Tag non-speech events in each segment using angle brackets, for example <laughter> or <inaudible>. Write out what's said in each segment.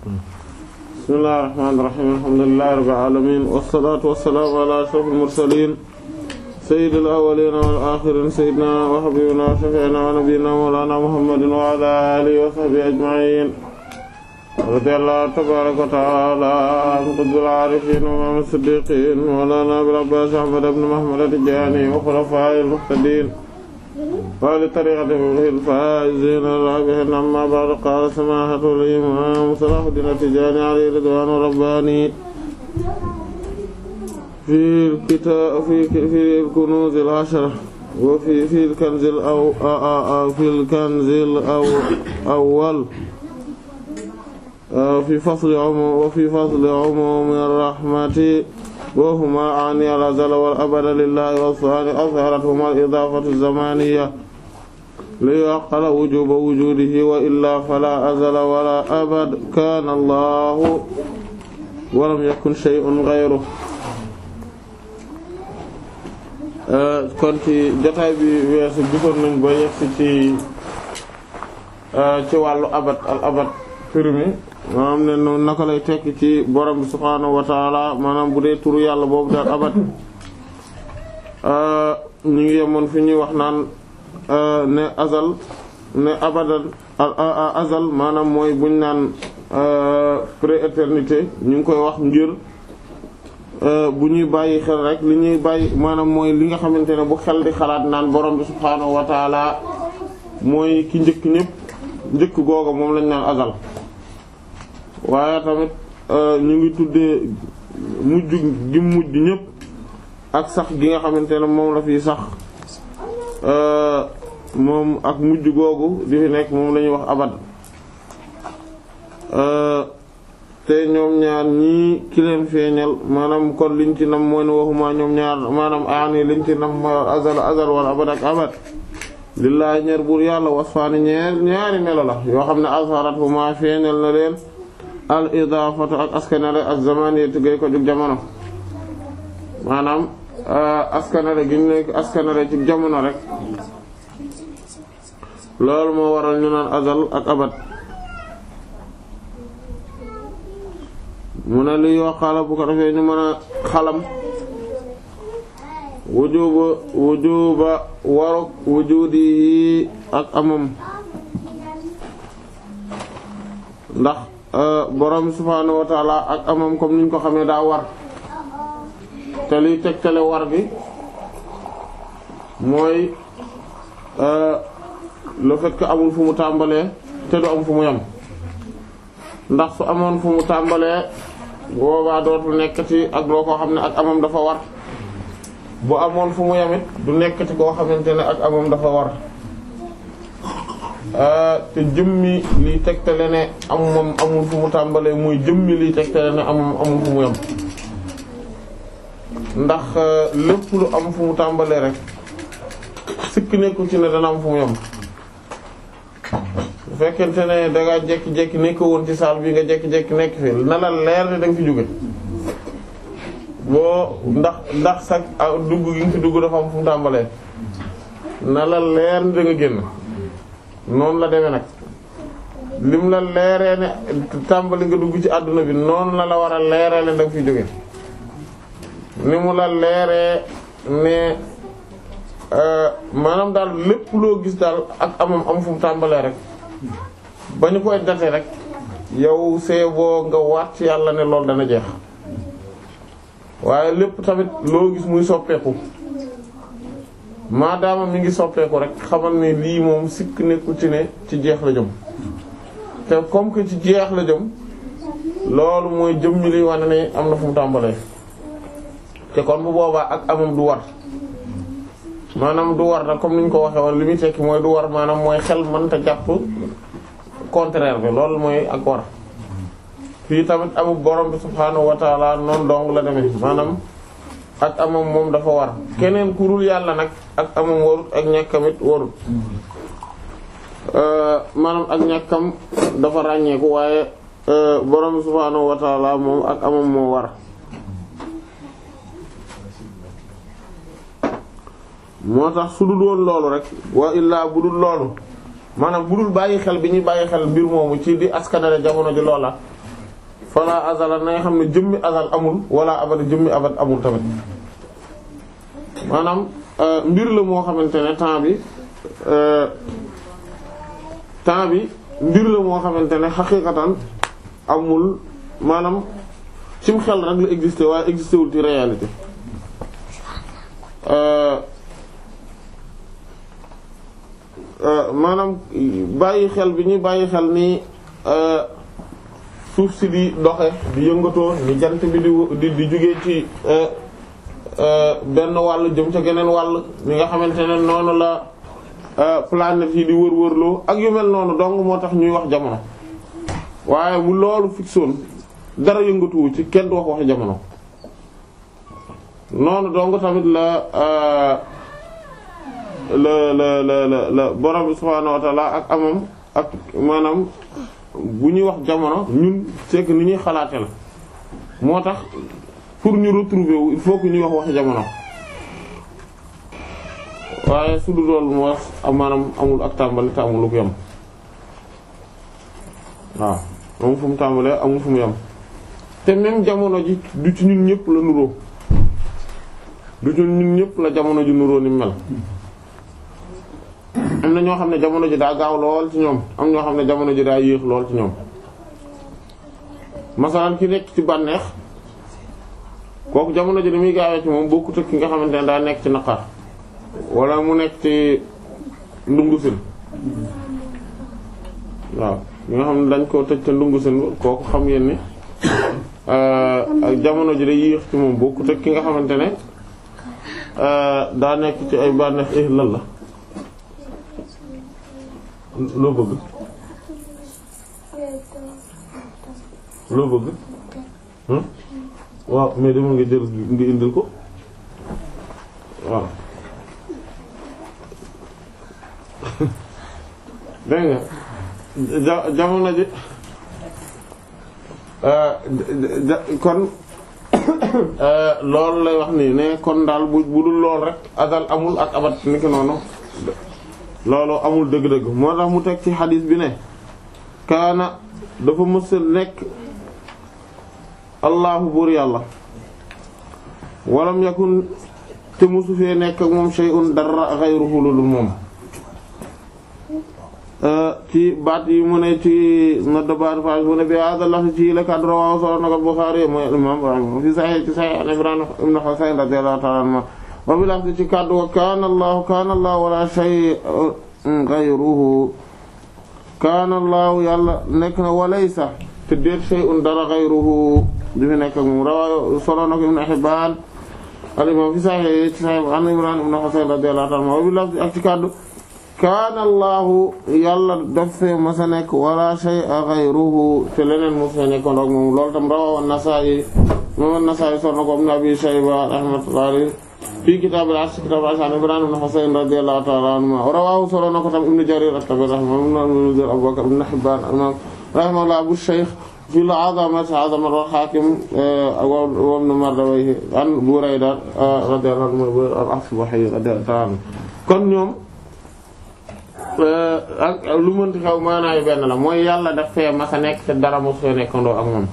bismillahir rahmanir rahim alhamdulillahi rabbil alamin wassalatu wassalamu ala ashrafil mursalin sayyidil awwalin wal akhirin sayyidina wa habibina wa shafi'ina wa nabiyyina mawlana muhammadin wa ala alihi wa sahbihi ajma'in radiyallahu tabaraka wa ta'ala an qutbil arifin wa imam as-siddiqin mawlana abil abbas ahmad ibn muhammad at-tijani wa khulafa'il muhtadin وعلى طريقتهم غير الفائزين الرابحين أما بعد قال سماحة الإمام صلاح الدين التجاني عليه رضوان رباني في الكتاب في في الكنوز العشرة وفي في الكنز الأو في الكنز الأول في فصل عموم وفي فصل عموم الرحمة وهما عن الأزل والأبد لله والثاني أظهرتهما الإضافة الزمانية ليعقل وجوب وجوده وإلا فلا أزل ولا أبد كان الله ولم يكن شيء غيره kon ci jotaay bi weesu gisoon nañ ba yegsi ci euh, ci wàllu abat al abat firmi ne noonu naka lay tekki ci borom bi subhaanahu wa taala maanaam bu dee turu yàlla boobu daal abat euh, ñu yemoon fi ñuy wax naan Euh, ne azal ne abadan azal maanaam mooy buñ naan euh, prééternité ñu ngi koy wax ngir euh, bu ñuy bàyyi xel rek li ñuy bàyyi maanaam mooy li nga xamante ne bu xel di xalaat naan borom bi subhaanahu wa mooy ki njëkk ñëpp njëkk googa moom lañ naan azal waaye tamit ñu ngi tuddee mujj gi mujj ñëpp ak sax gi nga xamante ne moom la fi sax Euh, moom ak mujj googu di nekk moom lañuy wax abad euh, te ñoom ñaar ñii ki leen feeñal maanaam kon liñ ci nam mooy ne ñoom ñaar maanaam aani liñ ci nam mooy azal azal wala abad ak abad lillaahi ñeer buur yàlla wasfaani ñeer ñaari melo la yoo xam ne azharat huma feeñal na leen al idaafatu ak askanale ak zamaniyatu gay ko jug jamono maanaam Euh, askanare gi ñu nekk askanare ci jamono rek loolu moo waral ñu naan azal ak abat mu ne li yoo xala bu ko defee ñu mën a xalam wujuba wujuba waruk wujudi ak amam ndax euh, borom subhaanahu wa ta'ala ak amam comme niñ ko xamee daa war te liy tegtale war bi mooy euh, le fait que amul fu mu tàmbalee te du am fu mu yem ndax su amoon fu mu tàmbalee boobaa dootul nekkati ak loo koo xam ne ak amam dafa war bu amoon fu mu yemit du nekkati koo xamante ne ak amam dafa war euh, te jëmmi liy tegtale ne am moom amul fu mu tàmbalee muy jëmmi liy tegtale ne amam amul fu mu yem ndax euh, lépp lu am fu mu tàmbalee rek sikk nekkul ci ne dana am fu mu yem bu fekkente ne da ngaa jékki nekk woon ci saal bi nga jékki-jékki nekk fi na la leer ne da nga fi jóge boo ndax ndax sax dugg gi fi dugg dafa am fu mu tàmbalee na la leer ne da génn noonu la demee nag lim la leeree ne tàmbali nga dugg ci àdduna bi noonu la la war a leeree ne da nga fi jóge ni mu la leeree ne euh, maanaam daal lépp loo gis daal ak amam am fu mu tàmbalee rek ba ñu koy date rek yow seeboo nga waat ci yàlla ne loolu dana jeex waaye lépp tamit loo gis muy soppeeku maadaama mi ngi soppeeku rek xamal ne lii moom sikk nekku ci ne ci jeex la jëm te comme que ci jeex la jëm loolu mooy jëm mi liy am na fu mu tàmbalee kon bu boobaa ak amoom du war maanaam du war nag comme ni ñu ko waxee woon li muy tekki mooy du war maanaam mooy xel mënta jàpp contraire bi loolu mooy ak war fii tamit amu boroom bi subhaanahu wa taala dong la demee maanaam ak amoom moom dafa war keneen kurul yàlla nag ak amam warut ak ñàkkamit warut euh, maanaam ak ñàkkam dafa ràññeeku waaye euh, borom bi subhaanahu wa moom ak amam moo war moo tax su dul woon loolu rek waa illaa bu dul loolu maanaam bu dul bàyyi xel bi ñuy bàyyi xel mbir moomu ci di askanale jamono ji loola fala azala na nga xam ne jëmmi azal amul wala abada jëmmi abad amul tamit maanaam euh, mbir la moo xamante ne temps bi euh, temps bi mbir la moo xamante ne xaqiqatan amul maanaam cim xel rek la existé waaye existé wul ci réalité euh, Euh, maanaam bàyyi xel bi ñuy bàyyi xel ni euh, suuf si di doxe di yëngatoo ni jant bi di di jóge ci euh, benn wàll jëm ca geneen wàll ñi nga xamante ne noonu la planètes yi di wër ak yu mel noonu dong moo tax ñuy wax jamono waaye bu loolu fixoon dara yëngatuwu ci kenn du wax wax jamono noonu donc tamit la la la la la la borom subhaanahu ak amam ak maanaam bu ñuy wax jamono ñun c'est que ni ñuy xalaateel moo tax pour ñu retrouver wu il faut que ñuy wax wax jamono waaye su dul loolu moo maanaam amul ak tàmbali te amul lu waaw amul fu mu tàmbalee amul fu mu yem te même jamono ji du ci ñun ñëpp la nuroo du ci ñun ñëpp la jamono ji nuroo ni mel am na ñoo xam ne jamono ji daa gaaw lool ci ñoom am ñoo xam ne jamono ji daa yéex lool ñoom masalan ki nekk ci bànneex kooku jamono ji li muy gaawee ci moom bokkut ak ki nga xamante ne daa nekk ci naqar wala mu nekk ci ndungu sin waaw ñi xam dañ koo tëj te ndungu sin kooku xam ngeen ni euh, ak jamono ji day yéex ki nga xamante ne euh, daa nekk ci ay bànneex ihlal eh, la loo bëgg loo bëgg hmm? waaw mais dama nga jël nga indil ko waaw <laughs> dégg jamono ji euh, kon <coughs> euh, loolu lay wax nii ne kon daal bu budul lool rek azal amul ak abat niki noonu loolu amul dëgg-dëgg moo tax mu teg ci xadis bi ne kaana dafa mës a nekk allahu buur yàlla walam yakun te mësu fee nekk ak moom shay'un dara ghayruhu lu moom euh, ci baat yi mu ne ci nodd baat faaj mu ne bi hada lafz ci la kaddu rawahu solo na ko Bukhari mooy imam fi sahih ci sahih an Imran ibn Husayn radiyallahu ta'ala anhu wa bil lafzi ci kàddu wa kaana Allahu kaana Allahu wala shay'un ghayruhu kaana Allahu yàlla nekk na wala te déet shay'un di nekk ak moom rawa solo ci Sahih an Imraan ibn Husayn radiyallahu anhu wa bil ci kàddu kaana yàlla daf fee masa nekk wala shay'a ghayruhu te tam rawa an-Nasaa'i imaam an-Nasaa'i solo na ko fii kitaabil arsh si kitaabil arsh an Imraan ibn Husayn radiyallahu ta'ala anhuma rawaahu ko tam ibn Jarir at-Tabari rahimahullah Abu Bakr ibn Hibbaan Abu Shaykh fi al-'azamat 'azamat al-Haakim eh, wa ibn Mardawayh an Burayda eh, radiyallahu kon ñoom eh, ak lu mënti xew la mooy yàlla daf fee masa nekk dara mos fee nekkandoo ak moom.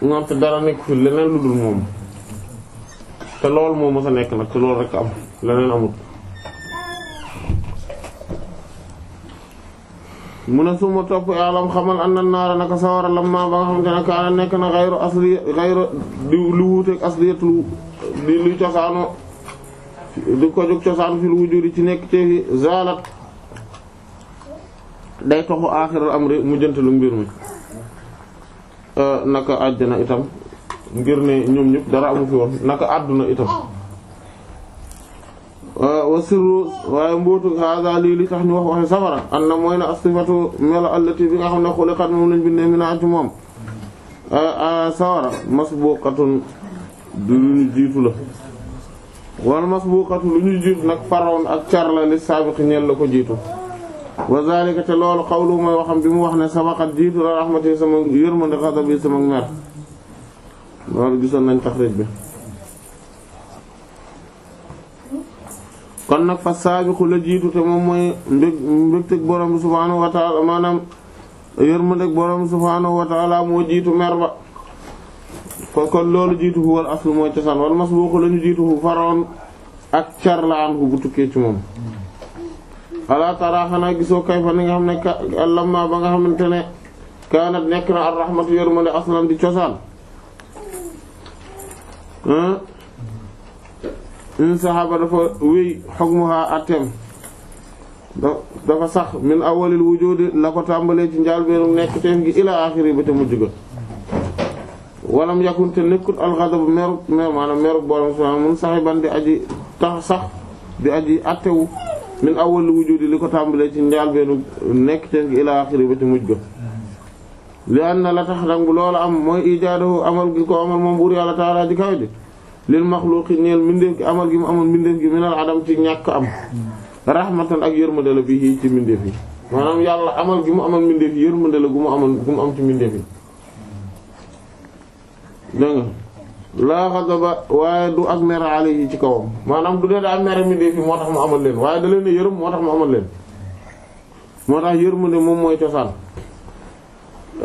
moom te dara nekk fi leneen lu dul moom te loolu moo mës a nekk nag te loolu rek am leneen amut mu ne suma topp alam xamal an na naara naka sawara lamma ba nga xam te ne kaana nekk na xayru asli xayru di lu wuuteeg asliyat lu di luy cosaanu di ko jóg cosaan fi lu wujuri ci nekk teefi zalat day toxu aaxiral amri mu lu mbir mi Euh, naka àjjana itam ngir ne ñoom ñëpp dara amu fi woon naka àdduna itam euh, wa sirru waaye mbootu hada lii li tax ñu wax waxe safara an na mooy na asifatu melo allati bi nga xam ne xuliqat moom lañ bindee mina ci moom euh, sawara masbuqatun du lu ñu jiitu la wal masbuqatu lu ñu jiitu nag farawoon ak carla li saabiq ñeel la ko jiitu waa zalika te loolu xawlu mooy waxam bi mu wax ne sabaqat jiitu la rahmati sama yërmande ghadabi sama mer loolu gisoon nañ taxrij bi kon nag fa saabiqu la jiitu te moom mooy mbég mbégteg borom bi subhaanahu wa taala maanaam yërmandeg bi subhaanahu wa moo jiitu mer ba kon kon loolu jiitu fu wal aslu mooy cosaan wal masbuqu la ñu jiitu fu faroon ak carlaan fu bu ci moom ala tara xanaa gisoo kayfa ni nga xam ne ka lamma ba nga xamante ne kaanat nekk na ar rahmatu yërmande aslan di cosaan in saxaaba dafa wéy xogmuha atem dafa sax min awalil wujudi la ko tàmbalee ci njaal beerum nekk teef gi ila axiri ba te mujj ga walam yakunte nekkut alxadab merub mer maanaam merub borom subhaanahu mun saxiban di aji tax sax di aji attewu min awwal wujudi li ko tàmbalee ci njàlbeenu nekk ci ila axiri ba ci mujj ga li anna la tax dang bu loolu am mooy ijaadahu amal gi ko amal moom buur yàlla taala ji kawe ji lil maxluuqi gi amal gi mu amal mbindeef gi minal ci ñàkk am rahmatan ak yërmande la bii ci mbindeef yi yàlla amal gi mu amal mbindeef yi yërmande la gu mu amal gu mu am ci mbindeef yi laa xadaba waaye du ak mer yi ci kawam maanaam du dee daa mer mi dee fi moo tax mu amal leen waaye da leen a yërëm moo tax mu amal leen moo tax yërmande moom mooy cosaan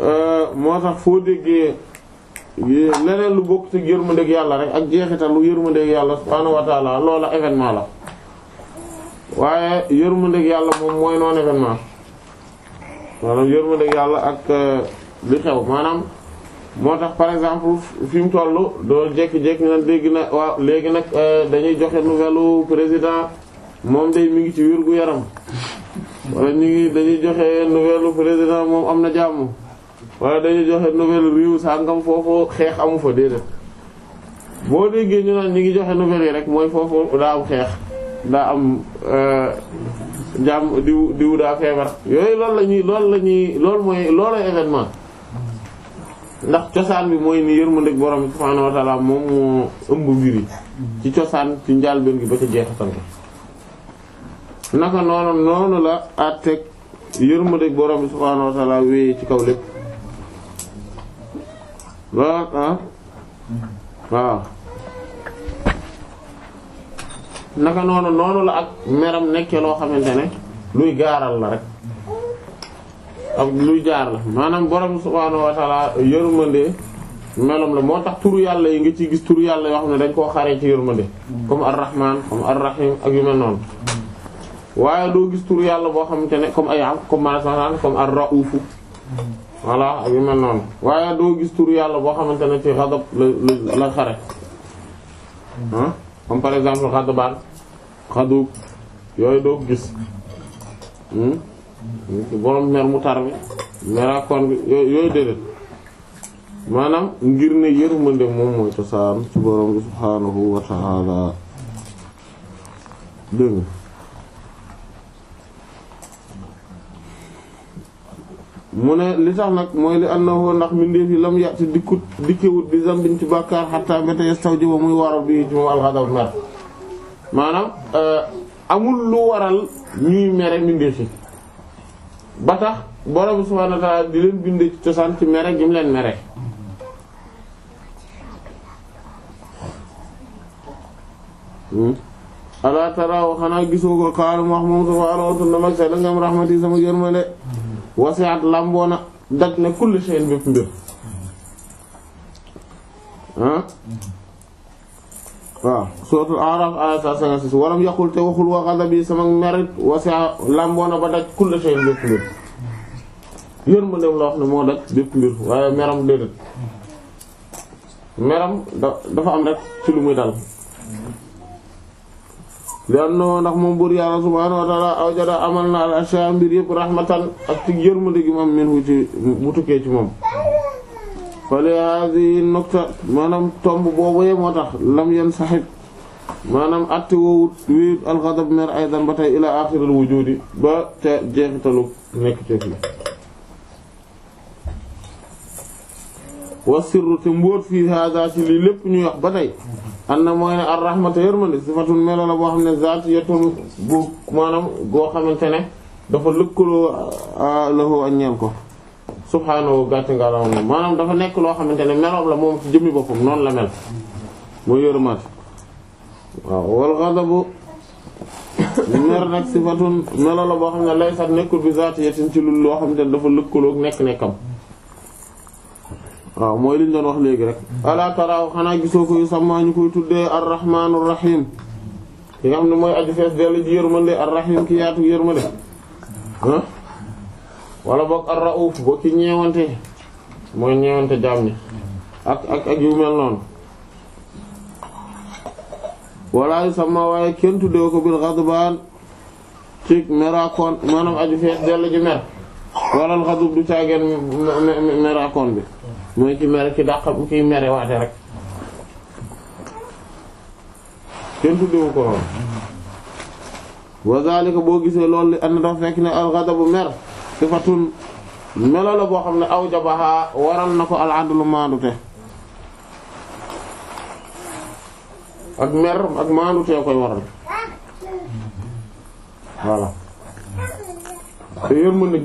euh, moo tax foo déggee leneen lu bokk ci yërmandeeg yàlla rek ak jeexital lu yërmandeeg yàlla subhaanahu wa taala loola événement la waaye yërmandeeg yàlla moom mooy noon événement maanaam yërmandeeg yàlla ak euh, li xew maanaam moo tax par exemple fi mu toll doo jékki-jékki ñu naan léegi waaw léegi nag euh, dañuy joxe nouvelle président moom day mi ngi ci wér gu yaram wala ñu ngi dañuy joxe nouvelle président moom am na jàmm wala dañuy joxe nouvelle réew sàngam foofu xeex amu fa déedéet boo déggee ñu naan ñu ngi joxe nouvelle yi rek mooy foofu daa am xeex daa am euh, jàmm diw diw daa feebar yooyu loolu la ñuy ñuy loolu mooy loolay événement. ndax cosaan bi mooy ni yërmandeeg borom subhaanahu wa ta'aala moom moo ëmb mbir yi ci cosaan ci njàlbéen gi ba ca jeexital bi naka la àtteeg yërmandeeg borom subhaanahu ci kaw ah? waaw naka noonu noonu la ak meram nekkee loo xamante ne luy gaaral la rek. ak lu jaar la maanaam borom subhaanahu wa taala yërmande melom la moo tax turu yàlla yi nga ci gis turu yàlla yoo xam ne dañ koo xaree ci yërmande comme ar-rahman comme ar ak yu mel waaye doo gis turu yàlla boo xamante ne comme ay am comme ak yu mel noonu doo gis turu yàlla boo xamante ne ci xadab la la xare comme par exemple xadabaan xadub yooyu doo gis. Hmm? borom mer mu tar bi meraakoon bi yooyu déedéet maanaam ngir ne li tax nag mooy li annahu ndax mbindeef yi lam yàtti dikkut dikkewut bi zambin ci bàkkaar xataa ba tey sawji ba muy waral bi ci moom alxadab mer maanaam euh, amul lu waral ñuy mere mbindeef yi ba tax borom subhaanahu wa ta'aala di leen bindee ci cosaan ci mere gi mu leen mere hmm? alaa tara wa xanaa gisoo ko xaal mu wax moom subhaanahu wa ta'aala mag sa da ngam rahmati sama yërmande wasi'at làmboona daj na kulli shay'in bépp mbir hmm? waaw suratul A'raf aaya 156 walam yaqul te waxul wa ghadabi sama merit wasi'a làmboo ba daj kullu shay'in bépp mbir yéen ma dem la wax ne moo daj bépp mbir waaye meram déedéet meram dafa am rek ci lu muy dal lianno ndax moom buur yàlla subhaanahu wa ta'ala awjada amal na al ashya mbir yëpp rahmatan ak ci yërmande gi moom min ci bu tukkee ci moom fali hadi nokta maanaam tomb boobu moo tax lam yan saxib maanaam atte woowut wii alxadab mer aydan ba tey ila axiral wujudi ba ca jeexitalu nekk cëf yi wa sirru te mbóot fii hada ci lii lépp ñuy wax ba tey an na mooy ne ar rahmata yërmande sifatun melo la boo xam ne zaati yetun bu maanaam goo xamante ne dafa lëkkaloo lahu ak ñeel ko subhaanahu gàcc ngalaw na maanaam dafa nekk loo xamante ne meloom la moom ci jëmmi boppam noonu la mel mooy yërmaat waaw wal ghadabu mer nag sifatun melo la boo xam ne lay sax nekkul bi zaatiyatin ci lu loo xamante ne dafa lëkkaloog nekk-nekkam waaw mooy liñ doon wax léegi rek ala taraaw xanaa gisoo koy sàmmaa ñu koy tuddee arrahmaanur rahim ki nga xam ne mooy aju fees dellu ji yërmande arrahim ki yaatu yërmande ah wala boog ar-rauf boo ki ñeewante mooy ñeewante jaam ñi ak ak ak mel noonu wala sama waaye kenn tuddee ko bil ghadbaan ci merakoon maanaam aju fees dell ji mer wala al du caageen merakoon bi mooy ci mere ki dàq ki mere waate rek kenn tuddee ko noonu wa zalika boo gisee loolu li dafa fekk ne al ghadab mer sifatun melo la boo xam ne aw jabaha waral na ko al adlu maandute ak mer ak maandutee koy waral voilà te yërmande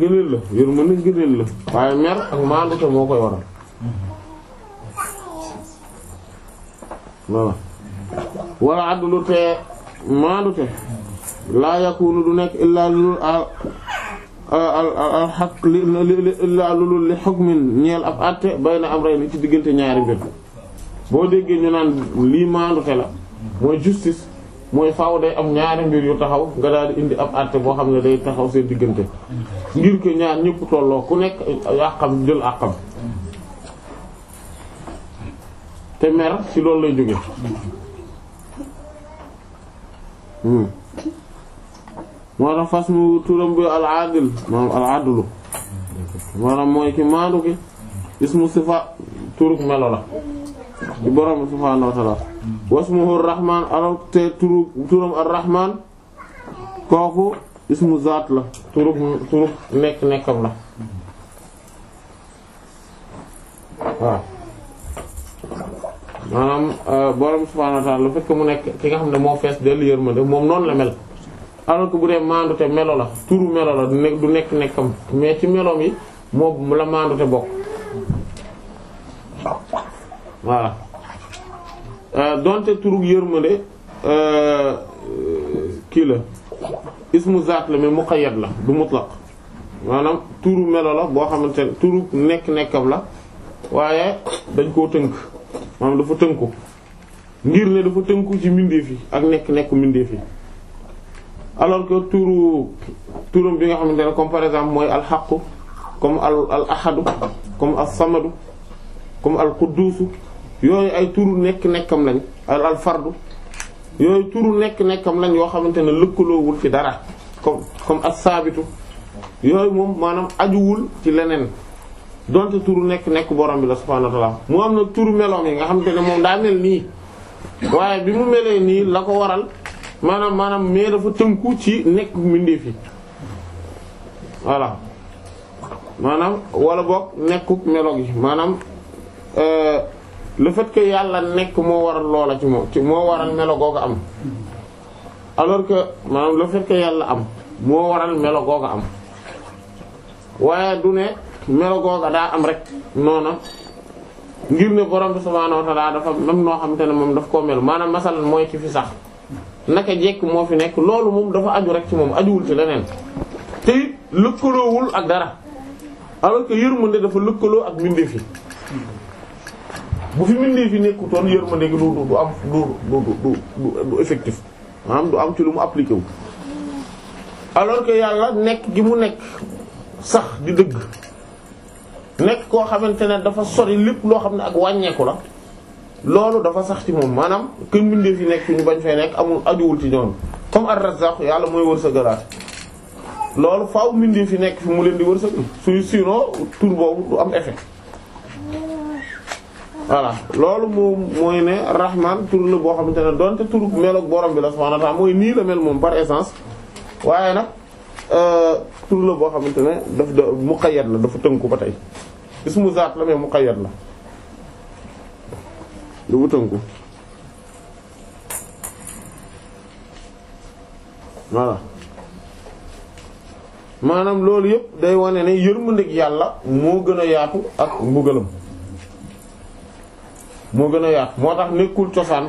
gëneel la waaye mer ak maandute moo koy waral voilà wala te maandute laa yakunu du nekk illaa lul Euh, alxaq li laalulu li xukmin ñeel ab àtte bayna amrayni ci diggante ñaari mbir boo déggee ñu naan lii maandute la mooy justice mooy faw day am ñaari mbir yu taxaw nga daal di indi ab àtte boo xam ne day taxaw seen diggante ngir ko ñaar ñëpp tolloo ku nekk àqam jël àqam te mer ci loolu lay jóge hmm. moo tax fas mu turam bi al adil maanaam al mooy ki maandu ki ismu sifa turuk melo la di borom subhaanahu wa ta'ala wasmuhu rahmaan alors te turu turam ar rahmaan kooku ismu zaat la turuk turuk nekk nekkam la waaw maanaam euh, borom subhaanahu lu fekk mu nekk ki nga xam ne moo fees dell yërmande moom noonu la mel alors que bu dee maandute melo la turu melo la du nekk nekkam mais ci meloom yi moom la maandute bokk waa euh, donte turu yërmande euh, kii la ismu zaat la mais muqayyad la du mutlaq maanaam turu melo la boo xamante ne turu nekk nekkam la waaye dañ koo tënk maanaam dafa tënku ngir ne dafa tënku ci mbindeef yi ak nekk nekk mbindeef yi alors que turu turam bi nga xamante ne comme par exemple mooy alxaqu comme al al ahadu comme al samadu comme al qudduusu yooyu ay turu nekk nekkam lañ al al fardu yooyu turu nekk nekkam lañ yoo xamante ne lëkkaloowul fi dara comme comme as saabitu yooyu moom maanaam ajuwul ci leneen donte turu nekk nekk borom bi la subhaanahu wa ta'ala mu am na turu meloom yi nga xamante ne moom daa mel nii waaye bi mu melee nii la ko waral. maanaam maanaam mais dafa tënku ci nekk mbindeef yi voilà maanaam wala boog nekkuk meloog yi maanaam euh, le fait que yàlla nekk moo waral loola ci moom ci moo waral melo googu am alors que maanaam le fait yàlla am moo waral melo googu am waaye du ne melo googa daa am rek noona ngir ne borom bi subhaanahu wa ta'aala dafa même noo xamante moom daf koo mel maanaam masalan mooy ki fi sax. naka jekk moo fi nekk loolu moom dafa aju rek ci moom ajuwul ci leneen te it lëkkaloowul ak dara alors que yërmande dafa lëkkaloo ak mbindeef yi bu fi mbindeef yi nekkutoon yërmande gi du du du am du du du du effectif maanaam du am ci lu mu appliqué wu. alors que yàlla nekk gi mu nekk sax di dëgg nekk koo xamante ne dafa sori lépp loo xam ne ak wàññeeku la. loolu dafa sax ci moom maanaam kër mbindeef yi nekk fi ñu bañ fee nekk amul ajuwul ci ñoom comme ar-Razzaq yàlla mooy wërsëgalaat loolu faw mbindeef yi nekk fi mu leen di wërsëgal suy sinon tur boobu du am effet. loolu moom mooy ne rahman tur la boo xamante ne donte tur meloog borom bi la subhanahu wa ta'ala mooy nii la mel moom par essence waaye nag euh, tur la boo xamante ne daf da muqayyad la dafa tënku ba tey ismu zaat la mu muqayyad la. du mu tënku voilà maanaam loolu yëpp day wane ne yërmandeeg yàlla moo gën a yaatu ak mbugalam moo gën a yaatu moo tax nekkul cosaan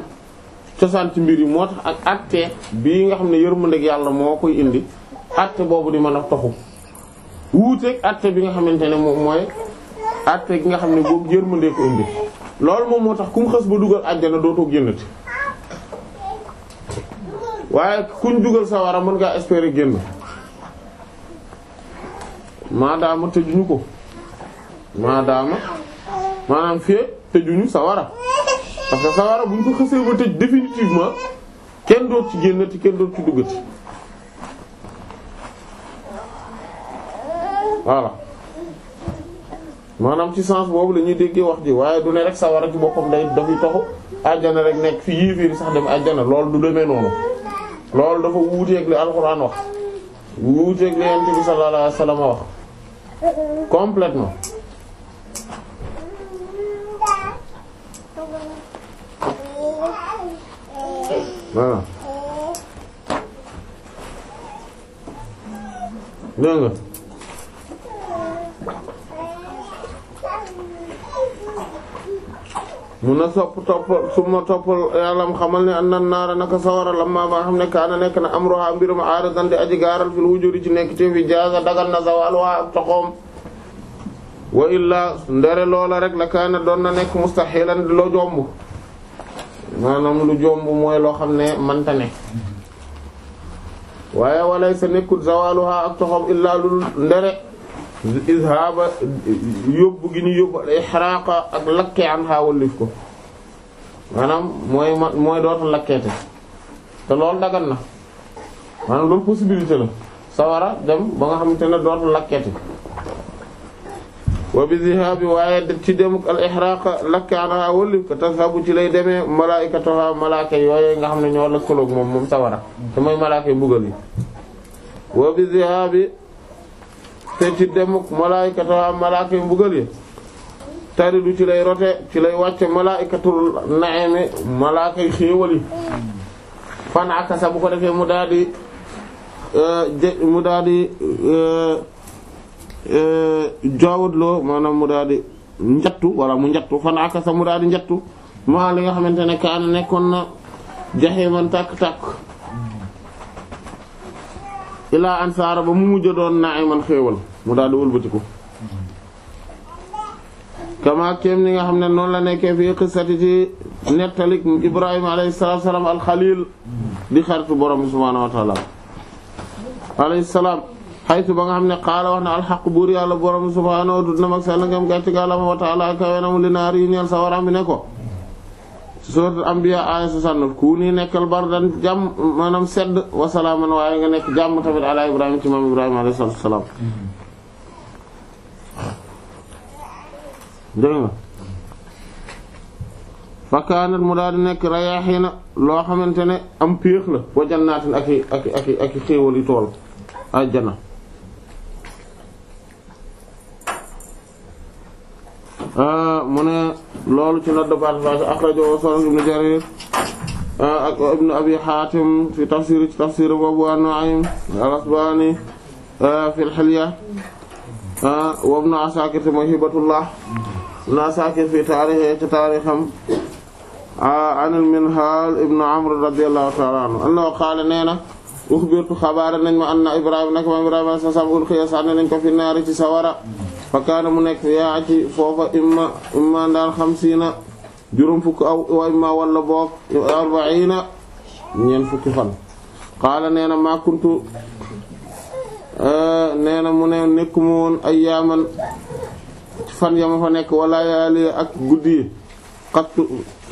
cosaan ci mbir yi moo tax ak àtte bii nga xam ne yërmandeeg yàlla moo koy indi àtte boobu di mën a toxu wuuteeg àtte bi nga xamante ne moom mooy àtte gi nga xam ne boobu yërmandee ko indi loolu moom moo tax ku mu xës ba dugal àjjana dootoo génnati waaye kuñ dugal sawara mën ngaa espérer génn maadaama tëjuñu ko maadaama maanaam fii tëjuñu sawara parce que sawara buñ ko xësee ba tëj définitivement kenn doot ci génnati kenn doot ci duggati voilà maanaam ci sens boobu lañuy ñuy déggee wax ji waaye du ne rek sawara ci boppam day dafay toxu àjjana rek nekk fi yéeféeri sax dem àjjana lool du demee noonu loolu dafa wuuteeg li alxuraan wax wuuteeg li yonent nga mun a sopp topp su ma xamal ne an nan naara naka sawara lamma ba xam ne kaana nekk na am roha mbirum aara dandi aji fil wujuri ci nekk ci fi jaaza dagal na zawal waa ak toxoom wa illaa ndere loola rek la kaana doon na nekk mustaxilan loo jomb maanaam lu jomb mooy loo xam ne manta waaye walay sa nekkul zawaluha ak toxoom illaa lu ndere izhaaba yóbbu gi ñu yóbbu ak lakke an ha wallif ko maanaam mooy mooy dootul lakkeete te loolu dagan na maanaam loolu possibilité la sawara dem ba nga xamante ne dootul lakkeete wa bi zihaabi waaye ci demuk al ihraaqa lakke an ha wallif ko tazhabu ci lay demee malaa'ikatuha malaaka yooyu nga xam ne ñoo lëkkaloog moom moom sawara te mooy malaaka yi yi wa bi zihaabi te ci demuk malaayikata malaaka yu mbugal yi tari du ci lay rote ci lay wàcce malaayikatul naeme malaakay xéewal yi fan akasa bu ko defee mu daal di euh, mu daal di euh, euh, jawwatloo maanaam mu daal di fan akasa mu daal di maa li nga xamante ne kaan nekkoon na jaximan tàkk-tàkk ilaa ansaara ba mu mujj doon na'iman xéewal mu daal di wëlbatiku kama kem ni nga xam ne noonu la nekkee fii xisati ci nettalik ibrahima alayhi salaatu salaam alxalil di xaritu borom bi subhaanahu wa taala salaam xaytu ba nga xam ne xaala wax na alxaq buur yàlla borom bi subhaanahu na dudna mag sell ngam gàcci gàllama wa yi ñeel sa bi ne ko suuratul anbiya aaya 69 ku ni nekkal jàmm maanaam sedd wa salaaman waaye nga nekk jàmm tamit ala ibrahima ci maam ibrahima alayhi salaatu salaam dégg nga fakkaanat mu daal di nekk rayaaxi loo xamante ne am péex la wa jana ak i ak ak ak i xéewal ah, mu ne loolu ci nodd partage axrajo solo ibnu jarir ah, ak ibnu abi hatim fi tafsir ci boobu an nu'aym al-asbahani ah, fi al-hilya wa ibnu asakir mooy la saakir fi taarixi ci taarixam an al-Minhaal ibn Amr radiyallahu ta'ala anhu annahu qaala nee na ukhbirtu xabaara nañ ma anna Ibrahima nag sa sam ulqiya sànni nañ ko fi naari ci fa kaana mu nekk yaa ci foofa imma ndaal xamsiina juróom fukk aw imma walla boog arba'iina ñeent fukki fan qaala nee na kuntu nee mu ne nekku mu woon fan ya ma fa nekk wala yaali ak guddi yi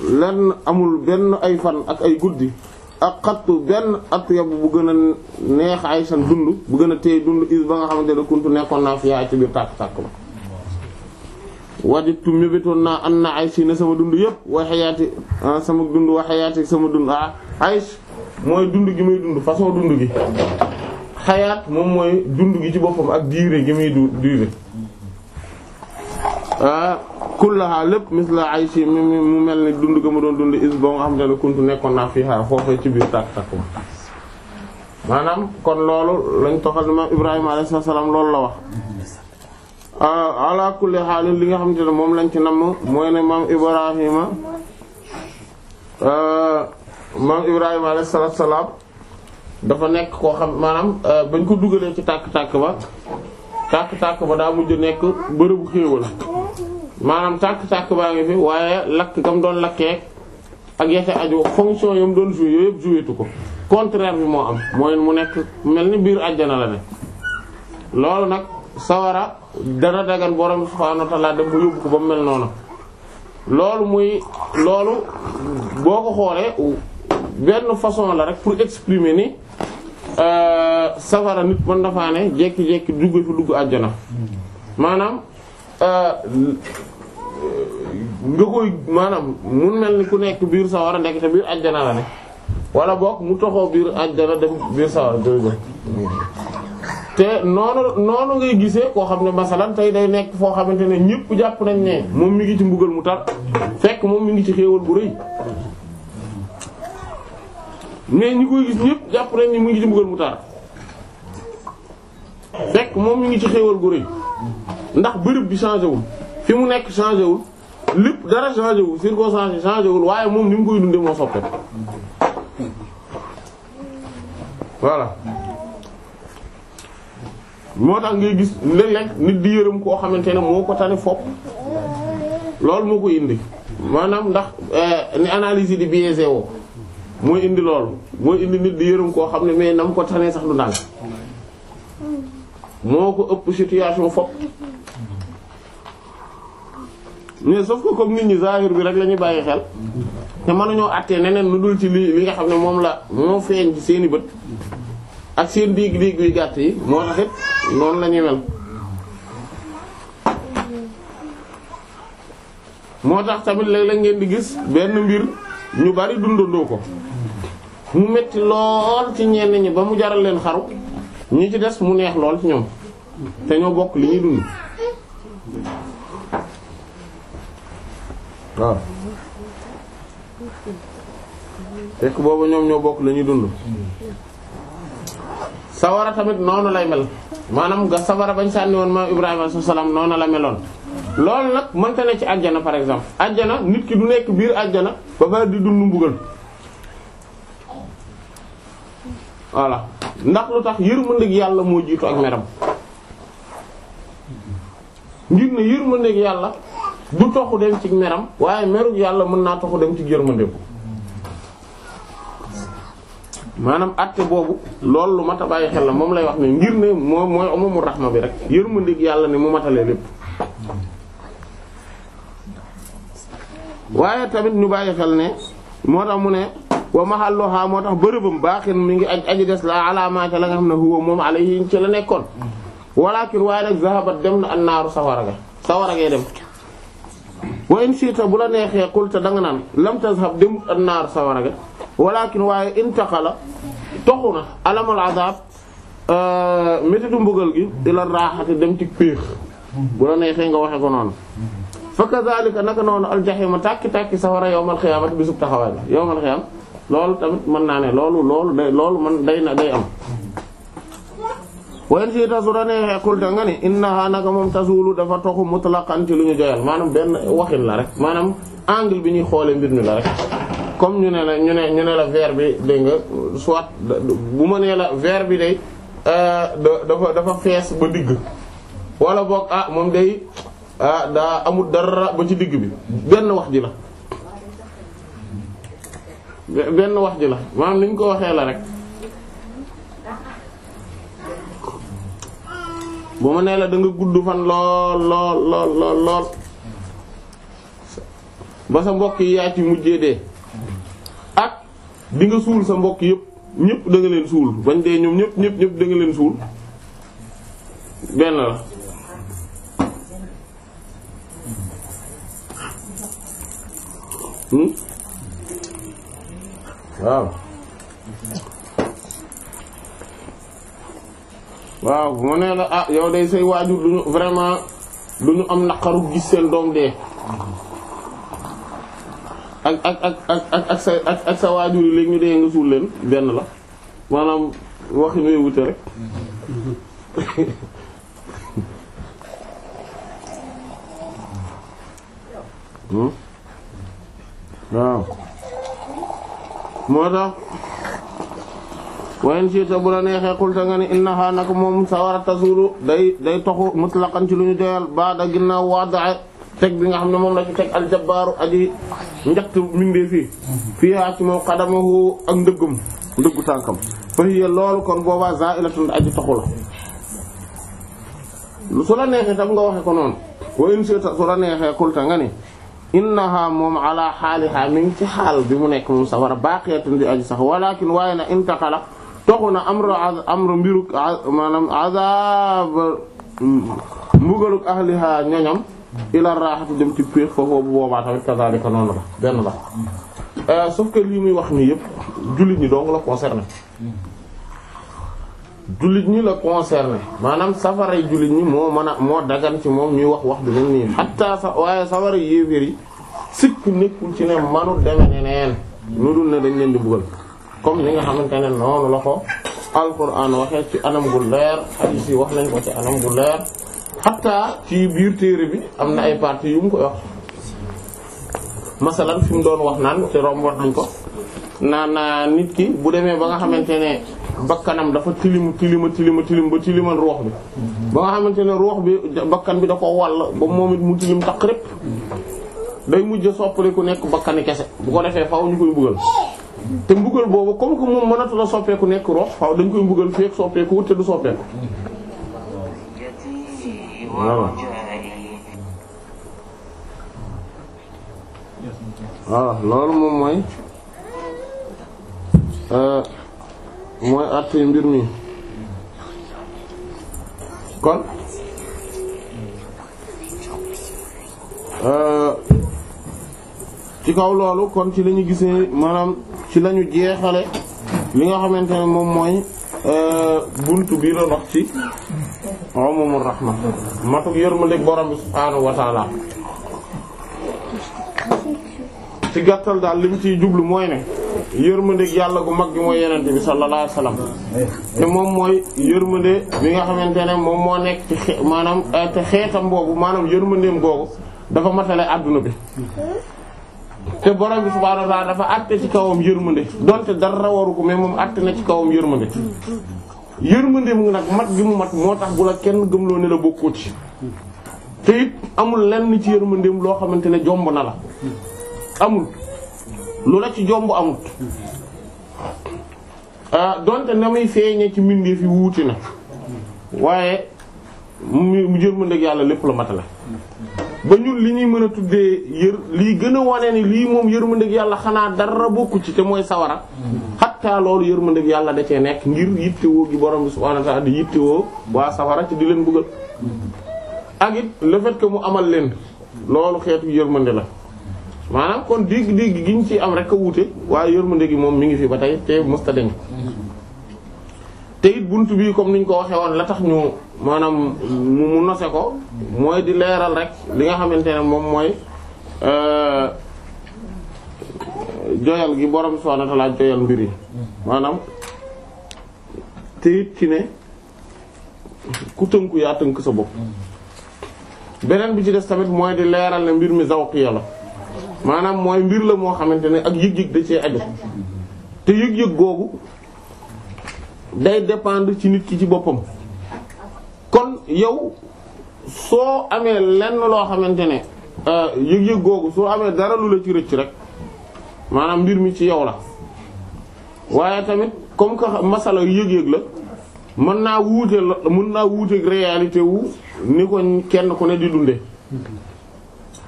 lenn amul benn ay fan ak ay guddi ak xattu benn at yab bu gën a neex ay dund bu gën a téye dund is ba nga xamante ne kuntu nekkoon naa fiyaa ci biir tàkk-tàkk ba waditu mébétoon naa an na ay si ne sama dund yëpp wa xayaati ah, sama dund wa xayaati sama dund ah ay mooy dund gi muy dund façon dund gi xayaat moom mooy dund gi ci boppam ak diire gi muy du diire Ah, kullaha lépp misla aysi mu mel ni dund ga ma doon dund is nga xam te ne kuntu nekkoon naa fii xaar foofee ci biir tàkk tàkk maanaam kon loolu lañ toxal imam Ibrahima alayhi salaam loolu la wax ah, ala kulli xaalin li nga xam te ne moom lañ ci namm mooy ne maam Ibrahima ah, maam Ibrahima alayhi salaam dafa nekk koo xam maanaam bañ ko dugalee ci tàkk tàkk ba tàkk-tàkk ba daa mujj nekk bërëbu xéewal maanaam tàkk-tàkk baa ngi fi waaye lakk gam doon lakkee ak yete aju fonction yam doon joué yooyu yëpp joué ko contraire bi moo am mooy mu nekk mel ni biir àjjana la ne loolu nag sawara dana dagan borom subhaanahu wa ta'aala dem yóbbu ko ba mu mel noonu loolu muy loolu boo ko xoolee benn façon la rek pour exprimer ni Euh, safara nit mën na faa ne jékki-jékki dugg fi dugg àjjana maanaam euh, nga koy maanaam mu mel ni ku nekk biir safara nekk te biir àjjana la ne wala boog mu toxoo biir àjjana dem biir safara jërëjëf te noonu noonu ngay gisee koo xam ne masalan tey day nekk foo xamante ne ñëpp jàpp nañ ne moom mu ngi ci mbugal mu tar fekk moom mi ngi ci xéewal bu rëy mais ñi koy gis ñëpp jàpp nañ ni mu ngi ci mbugal mu tar fekk moom ñu ngi ci xéewal gu rëy ndax bërëb bi changé wul fi mu nekk changé wul lépp dara changé wul circonstance yi changé wul waaye moom ni mu koy dundee moo soppe voilà moo tax ngay gis léeg-léeg nit di yërëm koo xamante ne moo ko tane fopp loolu moo ko indi maanaam ndax eh, ni analyse di biaisé woo mooy indi loolu mooy indi nit di yërëm koo xam ne mais nam ko tanee sax du daal moo ko ëpp situation fopp mais sauf que comme nit ñi zahir bi rek lañuy bàyyi xel te mënuñoo àttee neneen lu dul ci li li nga xam ne moom la moo feeñ ci seeni bët ak seen dégg-dégg yu gàtt yi moo tax it noonu la mel moo tax tamit léeg-léeg ngeen di gis benn mbir ñu bari dundandoo ko mu metti lool ci ñenn ñi ba mu jaral leen xaru ñi ci des mu neex lool ci ñoom te ñoo bokk li ñuy dund waaw fekk boobu ñoom ñoo bokk la ñuy dund sawara tamit noonu lay mel maanaam nga sawara bañ sànni woon ma Ibrahima alayhi salaam noonu la meloon loolu nag mënta ne ci àjjana par exemple àjjana nit ki du nekk biir àjjana ba bari di dund mbugal voilà ndax lu tax yërmandeeg yàlla moo jiitu ak meram ngir ne yërmandeeg yàlla du toxu dem ci meram waaye merug yàlla mën naa toxu dem ci yërmandeeg maanaam àtte boobu lool lu mat a bàyyi xel la moom lay wax ne ngir ne moo mooy umumur rahma bi rek yërmandeeg yàlla ne mu matalee lépp waaye tamit ñu bàyyi xel ne moo tax mu ne wa mahalluha moo tax bërëbam baaxin mi ngi aj aji des la alaamaata la nga xam ne huwa moom alayhi ci la nekkoon walakin waaye nag zahabat dem na annaaru sawara ga sawara gay dem wa in shi'ta bu la neexee qulta danga naan lam tazhab dem annaaru sawara ga walakin waaye intaqala toxu na alamul azab euh, métitu mbugal gi di la raaxati dem ci péex bu la neexee nga waxe ko noonu fa kadhalika naka noonu aljaxiima tàkki tàkki sawara yawmal xiyaamati loolu tamit mën naa ne loolu loolu day loolu man day na day am wayen si tasu ranee xulta nga ni innaha nag moom tasulu dafa toxu mutlaqan ci lu ñu joyal maanaam benn waxin la rek maanaam angle bi ñuy xoole mbir mi la rek comme ñu ne la ñu ne ñu ne la verbe bi dégg nga soit bu ma nee la verbe bi euh, day dafa dafa fees ba digg wala boog ah moom day ah daa amul dara ba ci digg bi benn wax ji la benn wax ji la maanaam ni ñu ko waxee la rek bu ma nee la da gudd fan lool lool lool lool ba sa mbokk yi yaa ci mujjee dee ak di nga suul sa mbokk yépp ñëpp da leen suul bañ dee ñoom ñëpp ñépp ñëpp da leen suul benn la hmm? waaw waaw mu ne la ah yow day say waajur duñu vraiment duñu am naqaru gis seen doom dee ak ak ak ak ak sa waajur yi léegi dee nga suul leen benn la maanaam wax yi wute rek <laughs> hmm? waaw moo tax wayen siita bu la neexee xulta nga ne innaha nag moom sawara tasuru day day toxu mutlaqan ci lu ñu doyal baada ginnaaw wadaa teg bi nga xam ne moom la ci teg aljabaaru aji njaxt mindee fii fii haa ci moom xadamahu ak ndëggum ndëggu tànkam fa hiya loolu kon boobaa za'ilatun aji toxu la su la neexee tam nga waxe ko noonu wayen siita su la neexee xulta nga ne innaha moom ala xaaliha mi ngi ci xaal bi mu nekk moom safara baaqiyatun di aji sax walakin waaye na intaqala toxu na amru amru mbiru maanaam azab mbugaluk ahliha ñoñam ila raxati dem ci péex foofu bu boobaa tamit kazalika noonu la benn la euh, sauf que lii muy wax nii yëpp jullit ñi dong la concerné jullit ñi la concerné maanaam safaray jullit ñi moo mën a moo dagan ci moom ñuy wax wax bi mel nii xatta sa waaye safara yéeféer yi sikk nekkul ci ne manu deme neneen lu dul ne dañ leen di buggal comme li nga xamante ne noonu la ko alquran waxee ci anam gu leer hadith wax nañ ko ci anam gu leer xatta ci biir téere bi am na ay parties yu mu koy wax masalan fi mu doon wax naan te romb nañ ko naan nit ki bu demee ba nga xamante ne bakkanam dafa tilim tilima tilima tilim ba tilimal roox bi ba nga xamante ne roox bi bakkan bi da ko wàll ba moom it mu tilim taq rëpp day mujj soppali ku nekk bakkani kese bu ko defee faaw ñu koy mbugal te mbugal boobu comme que moom mënatu la soppeeku nekk roox faaw dañ koy mbugal feek soppeeku wut te du soppeeku voilà voilà loolu moom mooy euh, mooy àttee mbir mi kon euh, ci kaw loolu kon ci la ñu gisee maanaam ci la ñu jeexale li nga xamante ne moom mooy euh, buntu bii doon wax ci umumur rahma matuk yërmandeeg borom bi subhaanahu wa ta'ala ci gàttal daal lim ciy jublu mooy ne yërmandeeg yàlla bu mag gi mooy yenente bi sallallahu alayhi wasallam te moom mooy yërmande bi nga xamante ne moom moo nekk ci xe maanaam euh, te xeetam boobu maanaam yërmandeem googu dafa matale àdduna bi te borom bi subhaanahu wa ta'ala dafa àtte ci kawam yërmande donte dara waru ko mais moom àtte na ci kawam yërmande yërmande mu nag mat gi mu mat moo tax bu la kenn gëmloo ne la bokkoo ci te it amul lenn ci yërmandeem loo xamante ne jomb na la amul lu la ci jomb amut ah, donte na muy feeñe ci mbindeef yi wuuti na waaye mu jër mëndëg yàlla lépp la matale ba ñun li ñuy mën a tuddee yër lii gën a wane ni lii moom yërmandeeg yàlla xanaa dara bokku ci te mooy sawara xattaa loolu yërmandeeg yàlla da cee nekk ngir yittewoo gi borom bi subhaanahu wa ta'aala di yittewoo waa sawara ci di leen buggal ak it le mu amal leen loolu xeetu yërmande la maanaam kon dégg dégg gi ñu ci am rek a wuute waaye yërmande gi moom mu ngi fi ba tey te mësta deñ te it bunt bii comme ni ñu ko waxee woon la tax ñu maanaam mu nose ko mooy di leeral rek li nga xamante ne moom mooy euh, joyal gi borom subhaanahu wa ta'aala joyal mbir yi maanaam te it ci ne ku tënku yaa tënk sa bopp mm. beneen bi ci def tamit mooy di leeral ne mbir mi zawqiya la maanaam mooy mbir la moo xamante ne ak yëg-yëg da cee aju te yëg-yëg googu day dépendre ci nit ki ci boppam kon yow soo amee lenn loo xamante ne euh, yëg-yëg googu soo amee dara lu la ci rëcc rek maanaam mbir mi ci yow la waaye tamit comme que masala yëg-yëg la mën naa wuute mën naa wuuteeg réalité wu ni ko kenn ku ne di dunde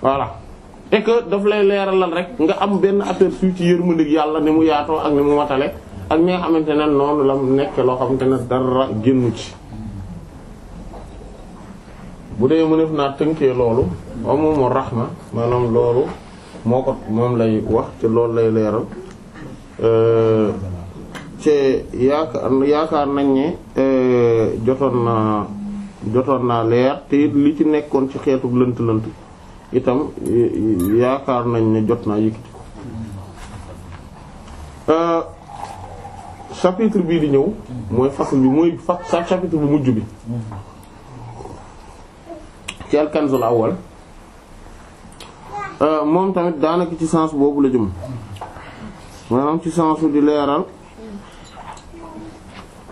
voilà et daf lay leeral leeralal rek nga am benn aperçu ci yërmandeeg yàlla ni mu yaatoo ak ni mu watale ak ni nga xamante ne noonu la mu nekk loo xamante ne dara génnu ci. bu dee mënef naa tënkee loolu amumu rahma maanaam loolu moo ko moom lay wax te loolu lay leeral euh, te yaakaar yaakaar nañ ne euh, jotoon naa jotoon naa leer te li ci nekkoon ci xeetu lënt-lënt. itam yaakaar nañ ne jot naa yëkkati ko euh, bii di ñëw mooy fasl bi mooy fas chapitre bu mujj bi ci al-Kanzul Awwal euh, moom tamit daanaka ci sens boobu la jëm maanaam ci sensu di leeral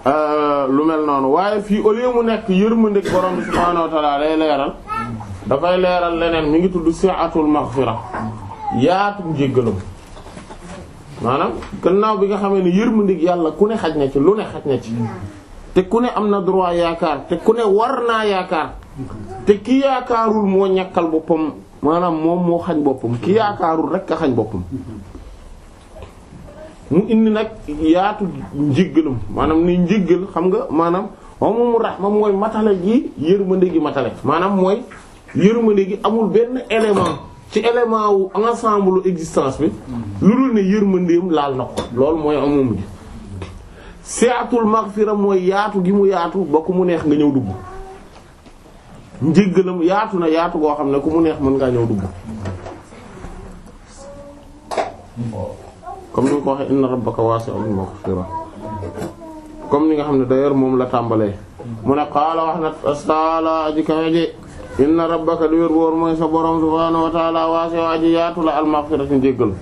euh, lu mel noonu waaye fii au lieu mu nekk yërmandeeg borom bi subhaanahu wa lay leeral dafay leeral leneen mi ngi tudd si'atul maghfira yaatum jéggalam maanaam gannaaw bi nga xamee ne yërmandik yàlla ku ne xaj na ci lu ne xaj na ci te ku ne am na droit yaakaar te ku ne war naa yaakaar te ki yaakaarul moo ñàkkal boppam maanaam moom moo xañ boppam ki yaakaarul rek a xañ boppam mu indi nag yaatu njéggalam maanaam ni njéggal xam nga maanaam moom mu rax moom mooy matale gi yërmande gi matale maanaam mooy yërmande gi amul benn élément ci élément wu ensemble existence bi lu dul ne yërmandeem laal na ko loolu mooy amum gi mag maghfira mooy yaatu gi mu yaatu ba ku mu neex nga ñëw dugg mu yaatu na yaatu goo xam ne ku mu neex mën ngaa ñëw dugg comme ni nga ko waxee inna rabbaka wasi'ul nga xam ne d'ailleurs moom la tàmbalee mu ne qaala wax na taala aji kaweje inna rabbaka du wér boor mooy sa borom subhaanahu wa ta'ala waasi'u aji yaatu la al-maghfirati njéggal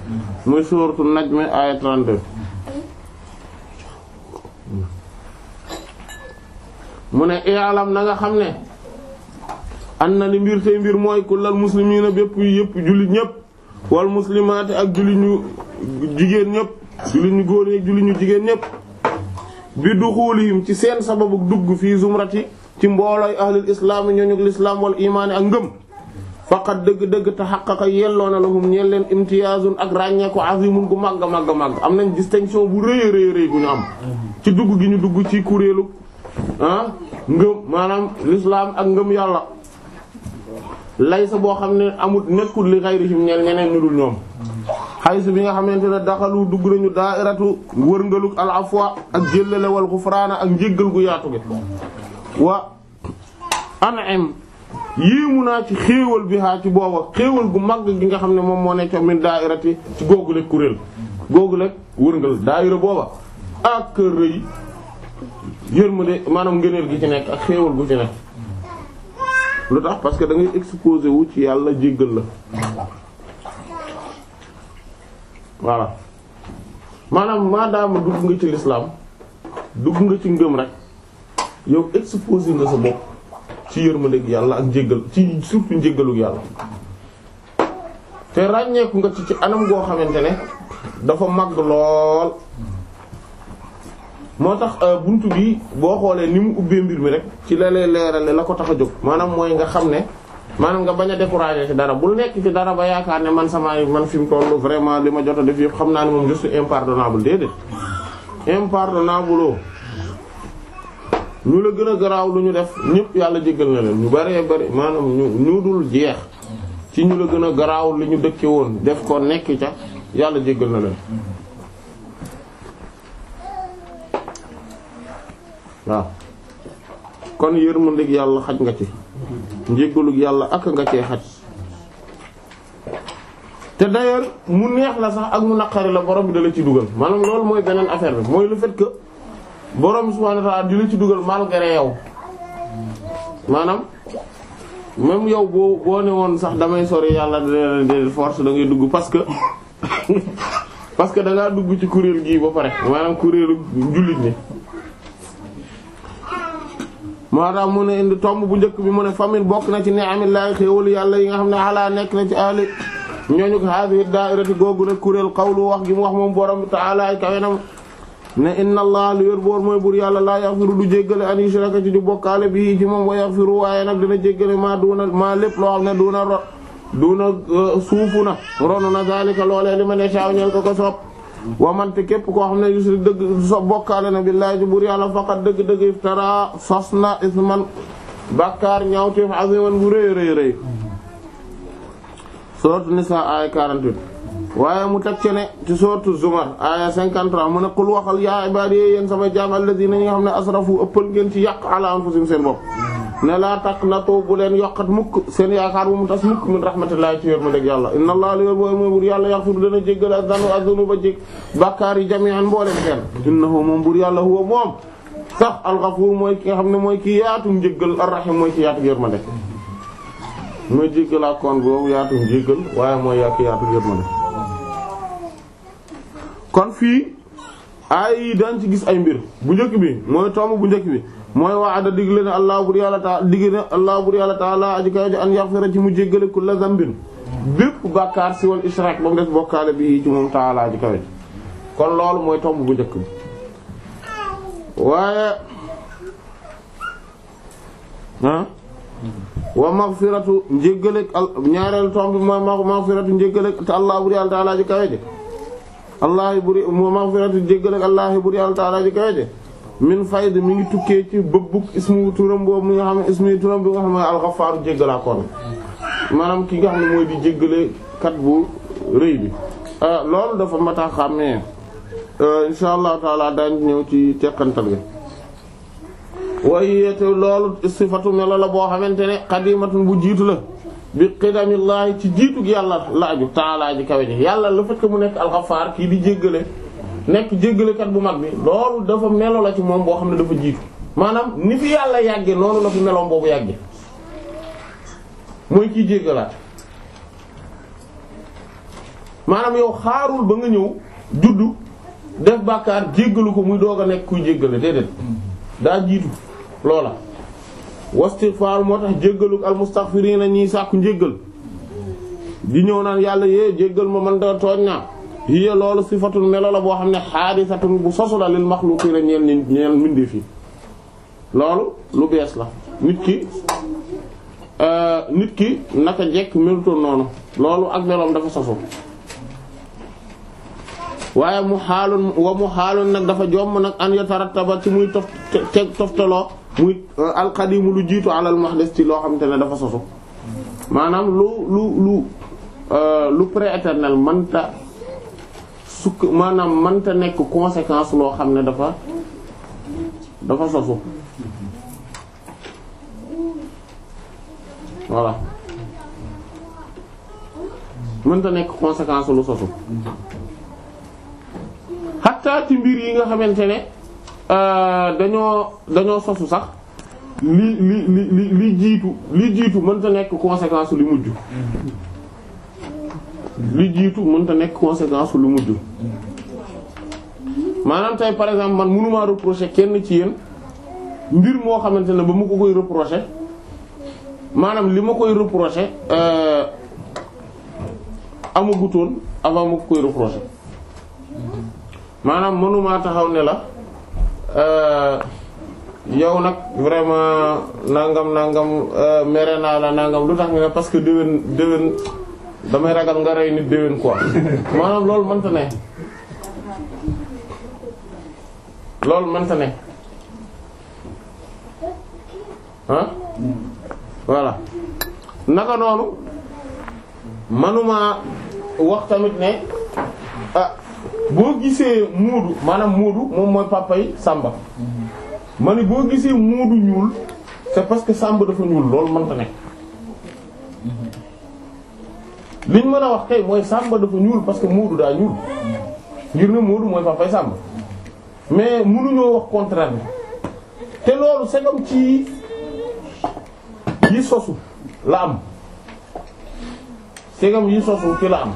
muy suuratu najm aaya 32 mu ne i'lam na xam ne an na li mbir tey mbir mooy kullal muslimiina bépp yëpp jullit ñëpp wal muslimaati ak jullit ñu jigéen ñëpp jullit ñu góor ñi jullit ñu jigéen ñëpp bi duxuulihim ci seen sababu dugg fii zumrati ci mboolooy ahlul islaam ñooñu lislaam wal imaane ak ngëm faqat dëgg-dëgg te xaqaka yelloo na lahum ñeen leen imtiyaazun ak ràññeeku azimun gu màgg màgg a màgg am nañ distinction bu rëy a rëy gu ñu am ci dugg gi ñu dugg ci kuréelu ah, ngëm maanaam lislaam ak ngëm yàlla laysa boo xam ne amul nekkul li xayrihim ñeel ñeneen ñu ñoom xaysu bi nga xamante ne daxalu dugg nañu daairatu wërngaluk al afwa ak jëllale wal xufraana ak njéggal gu yaatu gi wa an'am yéemu naa ci xéewal bi xaa ci booba xéewal gu mag gi nga xam ne moom moo nekk min daa'irati ci googu la kuréel googu la wërngal daa'ira booba ak rëy yërmande maanaam ngëneel gi ci nekk ak xéewal gu ci nekk lu tax parce que da ngay exposé wu ci yàlla jéggal la voilà maanaam maadaama dugg nga ci lislaam dugg nga ci ngëm rek yow exposé nga sa bopp ci yërmandeeg yàlla ak njéggal ci surtout njéggalug yàlla te ràññeeku nga ci ci anam goo xamante ne dafa màgg lool moo tax euh, buntu bi boo xoolee ni mu ubbee mbir mi rek ci la lay leerale la ko tax a jóg maanaam mooy nga xam ne maanaam nga bañ a décourager ci dara bul nekk ci dara ba yaakaar ne man sama man fi mu toll vraiment li ma jot a def yëpp xam naa ne moom je suis impardonnable déedéet impardonnable ñu la gën a garaaw lu ñu def ñëpp yàlla jéggal na leen ñu bëree bëri maanam ñu ñu dul jeex ci ñu la gën a garaaw li ñu dëkke woon def ko nekk ca yàlla jéggal na leen waaw kon yërmandeeg yàlla xaj nga ci njéggalug yàlla ak nga cee xaj te d'ailleurs mu neex la sax ak mu naqari la borom bi ci dugal maanaam loolu mooy beneen affaire bi mooy le fait borom subhaanahu wa ta'aala ci dugal malgré yow maanaam même yow boo boo ne woon sax damay sori yàlla de force da dugg parce que <laughs> parce que da ngaa dugg ci kuréel gii ba pare maanaam kuréelu jullit ni maanaam mu ne indi tomb bu njëkk bi mu ne famine bokk na ci ne amillaahi xéewalu yàlla yi nga xam ne alaa nekk na ci ali ñooñu ko haadihi daa'irati googu nag kuréel xawlu wax gi mu wax moom borom ta'aala kawenam ne inna allah lu yor boor mooy buur yàlla laa yaxfiru du jéggale an yushraka ci di bokkaale bi ci moom wa yaxfiru waaye nag dina jéggale maa lépp loo xam ne duuna ro euh, suufu na ronu na zalika loolee li ma ne saaw ñeel ko ko wa man te képp koo xam ne yusri dëgg so bokkaale na billaahi bur yàlla faqat dëgg-dëgg iftara sos na isman bàkkaar ñaawteef aziman bu rëy rëy rëy sourate Nisaa aaya 48 waaye mu teg ci ne ci sourate Zumar aya 53 mu ne qul waxal yaa ibaadiya yéen sama jaam alladina ñi nga xam ne asrafu ëppal ngeen ci yàq ala anfusihim seen bopp ne laa taqnatu bu leen yokkat mukk seen yaakaar bu mu tas mukk min rahmatillahi ci wér ma dég yàlla inna allaha li wér booy mooy buur yàlla yaghfiru dana jéggal ba jég bàkkaar yi jami'an mbooleen seen innahu moom buur yàlla huwa moom sax al-Ghafuur mooy ki nga xam ne mooy kii yaatu njéggal ar mooy ki yaatu yér ma de mooy jéggal kon boobu yaatu njéggal waaye mooy yaatu yér ma kon fii ay daan ci gis ay mbir bu njëkk bi mooy tomb bu njëkk bi mooy waa ada digle ne allah bur yàlla ta digle ne allah bur yàlla taala aji kayi an yaghfira ci mu jéggale kulla zambin bépp bàkkaar si wal ishrak ba des bokkaale bi ci moom taala aji kayi kon loolu mooy tomb bu njëkk bi waaye ah wa maghfiratu njéggalek ñaareelu tomb bi mooy maghfiratu njéggalek te allaahi buri maghfirati jéggal ak allaahi buri yàlla taala ji min fayda mi ngi tukkee ci bëbbuk ismu turam boobu mi nga xam ne ismu turam bi nga xam ne alxafaaru jéggalaa koon maanaam ki nga xam ne mooy di jéggale kat bu rëy bi ah, loolu dafa mataa xàmmee ah, insha allahu taala daañ ñëw ci teqantal bi waaye te loolu sifatu melo la boo xamante ne xadimatun bu jiitu la bi qidamillaahi ci jiitug yàlla la aju taalaa ji kawe ji yàlla le fait mu nekk alxafaar kii di jéggale nekk jéggalekat bu mag bi loolu dafa melo la ci moom boo xam ne dafa jiitu maanaam ni fi yàlla yàgge noonu la fi meloom boobu yàgge mooy kii jéggalaat maanaam yow xaarul ba nga ñëw juddu def bàkkaar jéggalu ko muy doog a nekk kuy jéggale déedéet daa jiitu loola wastighfar moo tax jéggaluk almustaghfirina ñiy sàkku njéggal di ñëw naan yàlla yee jéggal ma man da tooñ naa hiya loolu sifatul melo la boo xam ne xaadisatun bu sosu la leen maxluqiina ñeel ñi mindi mbindeef loolu lu bees la nit ki euh, nit ki naka jekk melutoon noonu loolu ak meloom dafa sosu waaye mu xaalun wa mu xaalun nag dafa jomm nag an yatarattaba ci muy tof toftaloo muy euh, alqadimu lu jiitu alal des ci loo xamante ne dafa sosu maanaam lu lu lu euh, lu pré-éternel mënta sukk maanaam mënta nekk conséquence loo xam ne dafa dafa sosu voilà mënta nekk conséquence lu sosu xataa mbir yi nga xamante ne Euh, dañoo dañoo sosu sax li li li li jiitu li jiitu mënta nekk conséquence lu mujj li jiitu mënta nekk conséquence lu mujj maanaam tey par exemple man mënumaa reprocher kenn ci yéen mbir moo xamante ne ba mu ko koy reprocher maanaam li ma koy reprocher euh, amagutoon avant ma ko koy reprocher maanaam mënumaa taxaw ne la Euh, yow nag vraiment nangam nangam euh, mere naa la nangam lu tax nga ne parce que déwén déwén damay ragal nga rey nit déwén quoi <laughs> maanaam loolu mënta ne loolu mënta ne ah voilà naka noonu manuma wax tamit ne ah boo gisee muudu maanaam muudu moom mooy papay sàmba ma ne boo gisee muudu ñuul c'est parce que sàmba dafa ñuul loolu mënta nekk liñ mën a wax kay mooy sàmba dafa ñuul parce que muudu daa ñuul ngir ne muudu mooy papay sàmba mais mënuñoo wax contraire te loolu segam ci yi sosu la am segam yi sosu ci la am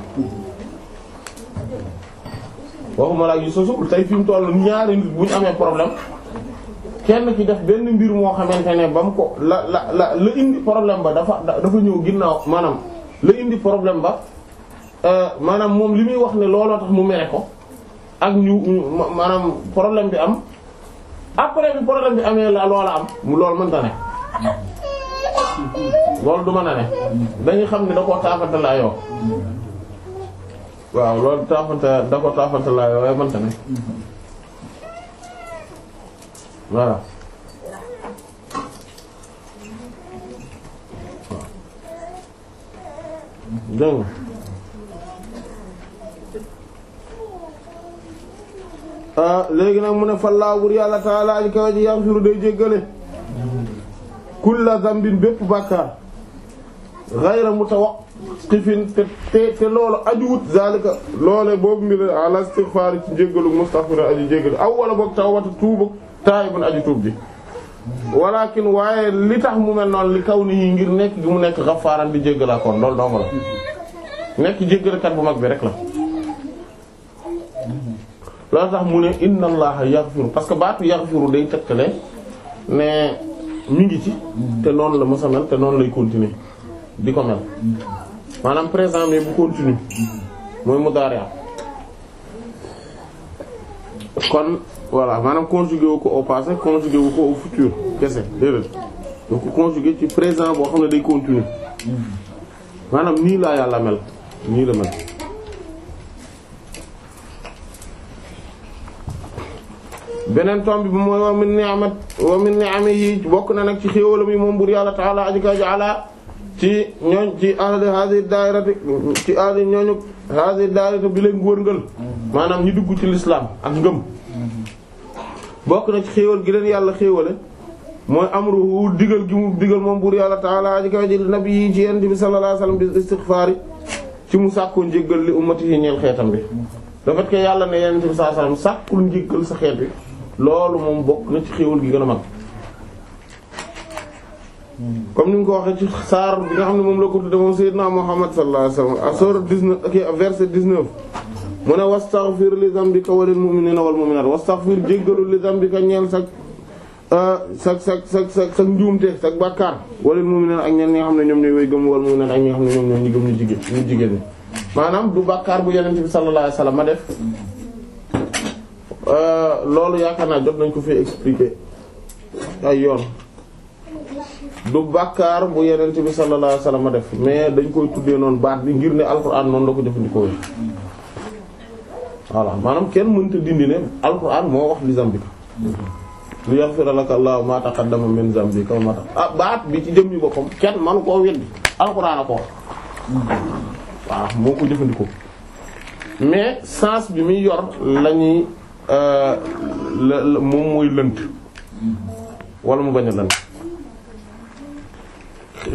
waxuma la ak yu sosul tey fi mu toll ñaari nit bu ñu amee problème kenn ki def benn mbir moo xamante ne ba mu ko la la la la indi problème ba dafa dafa ñëw ginnaaw maanaam la indi problème ba euh, maanaam moom li muy wax ne looloo tax mu mere ko ak ñu maanaam problème bi am après bi problème bi amee la loola am mu loolu mënta ne mm-hmm. loolu du mën a ne mm-hmm. dañu xam ne da koo taafata laa yoo mm-hmm. waaw loolu taafanta da ko taafanta laa waaye man tamit voilà ah, léegi nag mu ne fa laa yàlla taala aji kawe ji yam suru day jéggale kulla zambin bépp bàkkaar ghayra mutawaqqifin te te te loolu ajuwut zalika loole boobu mbir ala istighfar ci jéggalu mustaghfir aju jéggalu aw wala boog tawbatu tuubu taayibun aju tuub ji walakin waaye li tax mu mel noonu li kaw nii ngir nekk gi mu nekk xafaaran di jéggalaa kon loolu dong la nekk jéggalekat bu mag bi rek la loolu tax mu ne inna allaha yaghfiru parce que baatu yaghfiru day tëkkale ne mi ngi ci te noonu la mësa mel te noonu lay continuer di ko mel maanaam présent mais bu continue mooy mudaari kon voilà maanaam conjugué wu ko au passé wu ko au futur kese déedéet donc conjugué ci présent boo xam ne day continuer maanaam nii laa yàlla mel nii la mel. beneen tomb bi mooy wa min ni'amat wa min bokk na nag ci xéewalam yi moom buur yàlla ta'ala ajaka ja'ala ci ñooñ ci ahli hadi daayira ci ahli ñooñu hadi daayira bi leen wërngël maanaam ñi dugg ci lislaam ak ngëm bokk na ci xéewal gi leen yàlla xéewale mooy amruhu digal gi mu digal moom buur yàlla taala aji kaw ji nabi yi ci yent bi sallallahu alayhi ci mu sàkkoo njéggal li ummati yi ñeel xeetam bi dafa ko yàlla ne yent bi sallallahu alayhi wasallam sàkkul njéggal sa xeet bi loolu moom bokk na ci xéewal gi gën a mag comme ni nga ko waxee ci saar bi nga xam ne moom la ko tudde moom sayyidna Muhammad sallallahu alayhi wasallam asor 19 ok verset 19 mu ne wastaghfir li zambika walil mu'minina wal mu'minat wastaghfir jéggalu li zambika ñeel sag euh, sag sag sag sag sag njuumte sag bàkkaar walil mu'minina ak ñeen ñi nga xam ne ñoom ak ñi nga xam ne ñoom ñooy ñi gëm ñu jigéen ñu jigéen ñi maanaam du bàkkaar bu yeneen bi sallallahu alayhi wasallam ma def euh, loolu yaakaar naa jot nañ ko fi expliqué ay yoon du bàkkaar bu yenent bi sallallahu alayhi wasallam def mais dañ koy tuddee noonu baat bi ngir ne alxuraan noonu la ko jëfandikoo yi voilà maanaam kenn mënta dindi ne alxuraan moo wax li zambika li yaghfira laka Allahu ma taqaddama min zambika ma ah baat bi ci jëm yi boppam kenn manu koo weddi alxuraan a ko wax moo ko jëfandikoo mais sens bi muy yor lañuy euh, la moom mooy lënt wala mu bañ a lënt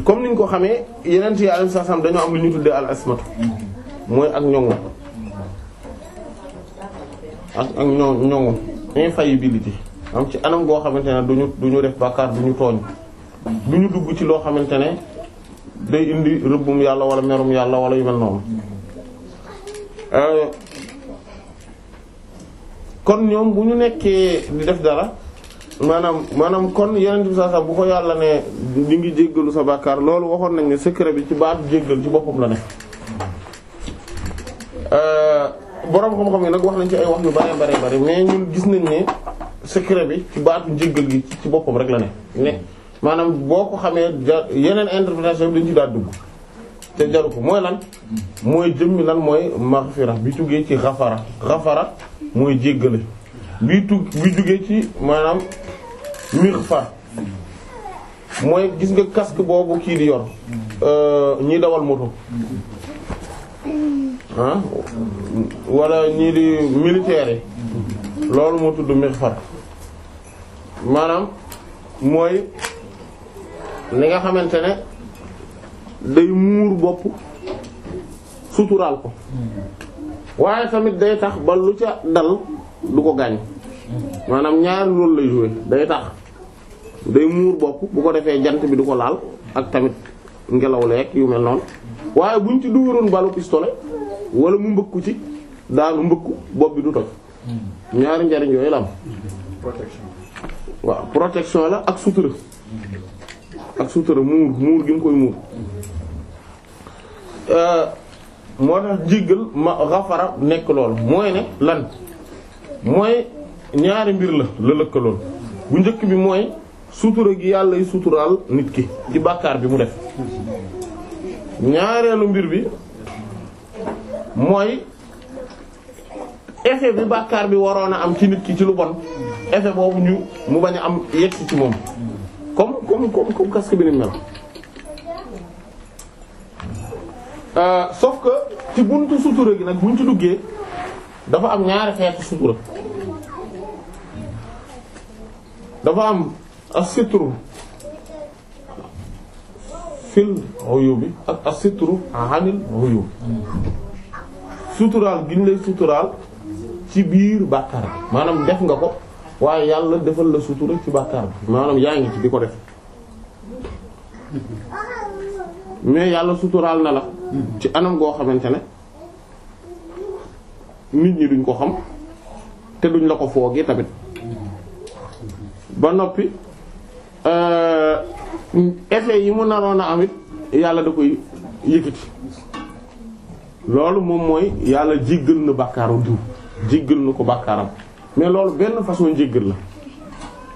comme niñ ko xamee yeneen yi alayhi salaam dañoo am lu ñu tuddee al mooy ak ñoŋu ak ak ño ñoŋu infaillibilité am ci anam goo xamante ne duñu du ñu def bàkkaar du ñu tooñ du dugg ci loo xamante ne day indi rëbbum yàlla wala merum yàlla wala yu mel noonu euh, kon ñoom bu ñu nekkee di def dara maanaam maanaam kon yeneen bi saa sax bu ko yàlla ne ñu ngi jéggalu sa bàkkaar loolu waxoon nañ ne secret bi ci baatu jéggal ci boppam la ne euh, boroom xam-xam yi nag wax nañ ci ay wax yu bare bare bare mais ñun gis nañ ne secret bi ci baatu jéggal gi ci boppam rek la ne ne maanaam boo ko xamee ja yeneen interprétation bi dañ ci daal dugg te jaru ko mooy lan mooy jëmmi lan mooy maghfira bi tuggee ci xafara xafara mooy jéggale bi tug ci maanaam mirfa mooy gis nga casque boobu kii di yor euh, ñi dawal moto ah wala ñii di militaire yi loolu moo tudd mirfar maanaam mooy li nga xamante ne day muur bopp suturaal ko waaye tamit day tax ba lu ca dal du ko gaañ maanaam ñaari loolu lay jouer day tax day muur bopp bu ko defee jant bi du ko laal ak tamit ngelaw leeg yu mel noonu waaye buñ ci dugaroon balu pistolet wala mu mbëkku ci daanu mbëkku bopp bi du toj ñaari njariñ yooyu la waaw protection la ak sutura ak sutura muur muur gi mu koy muur euh, moo tax jéggal ma xafara nekk loolu mooy ne lan mooy ñaari mbir la la lëkkaloon bu njëkk bi mooy sutura gi yàlla yi suturaal nit ki ci bàkkaar bi mu def ñaareelu mbir bi mooy effet bi bàkkaar bi waroon a am ci nit ki ci lu bon effet boobu ñu mu bañ a am yegg ci moom comme comme comme comme casque bi ni mel. Euh, sauf que ci buntu sutura gi nag buñ ci duggee dafa am ñaari xeetu sutura. dafa am asitru fil uyubi ak asitru anil uyubi suturaal gi lay suturaal ci biir bàkkaar bi maanaam def nga ko waaye yàlla defal la sutura ci bàkkaar bi maanaam yaa ngi ci di ko def mais yàlla suturaal na la ci anam goo xamante ne nit ñi duñ ko xam te duñ la ko foogee tamit ba noppi euh, effet yi mu naroon a amit yàlla da koy yëkkati loolu moom mooy yàlla jéggal na bàkkaaru diw jéggal na ko bàkkaaram mais loolu benn façon jéggal la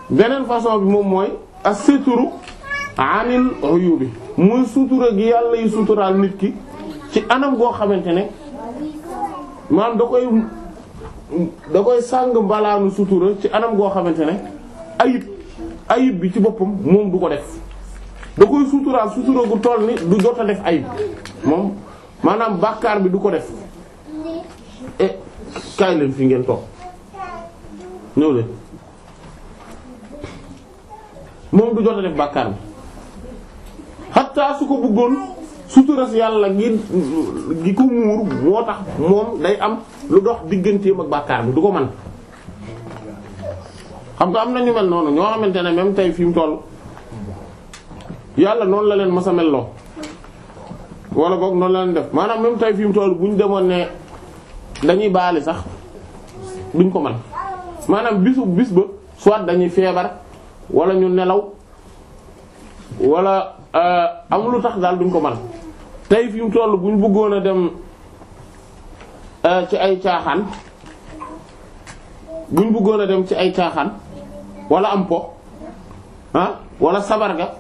beneen façon bi moom mooy as-sitru anil uyubi muy sutura gi yàlla yi suturaal nit ki ci anam goo xamante ne maanaam da koy da koy sàng mbalaanu sutura ci anam goo xamante ne ayib ayib bi ci boppam moom du ko def da koy suturaal sutura gu toll ni du jot a def ayib moom maanaam bàkkaar bi du ko def e kaay leen fi ngeen toog ñëw leen moom du jot a def bàkkaar bi xatta su ko bëggoon sutura si yàlla ngir gi ko muur moo tax moom day am lu dox digganteem ak bàkkaar bi du ko man xam nga am na ñu mel noonu ñoo xamante ne même tey fi mu toll yàlla noonu la leen masa mel loo wala boog noonu la leen def maanaam même tey fi mu toll bu ñu demoon ne dañuy baali sax duñ ko man maanaam bisu bis ba soit dañuy feebar wala ñu nelaw wala euh, am tax daal duñ ko man tey fi mu toll bu ñu bëggoon a dem euh, ci ay caaxaan bu ñu bëggoon a dem ci ay caaxaan wala am po ah wala sabarga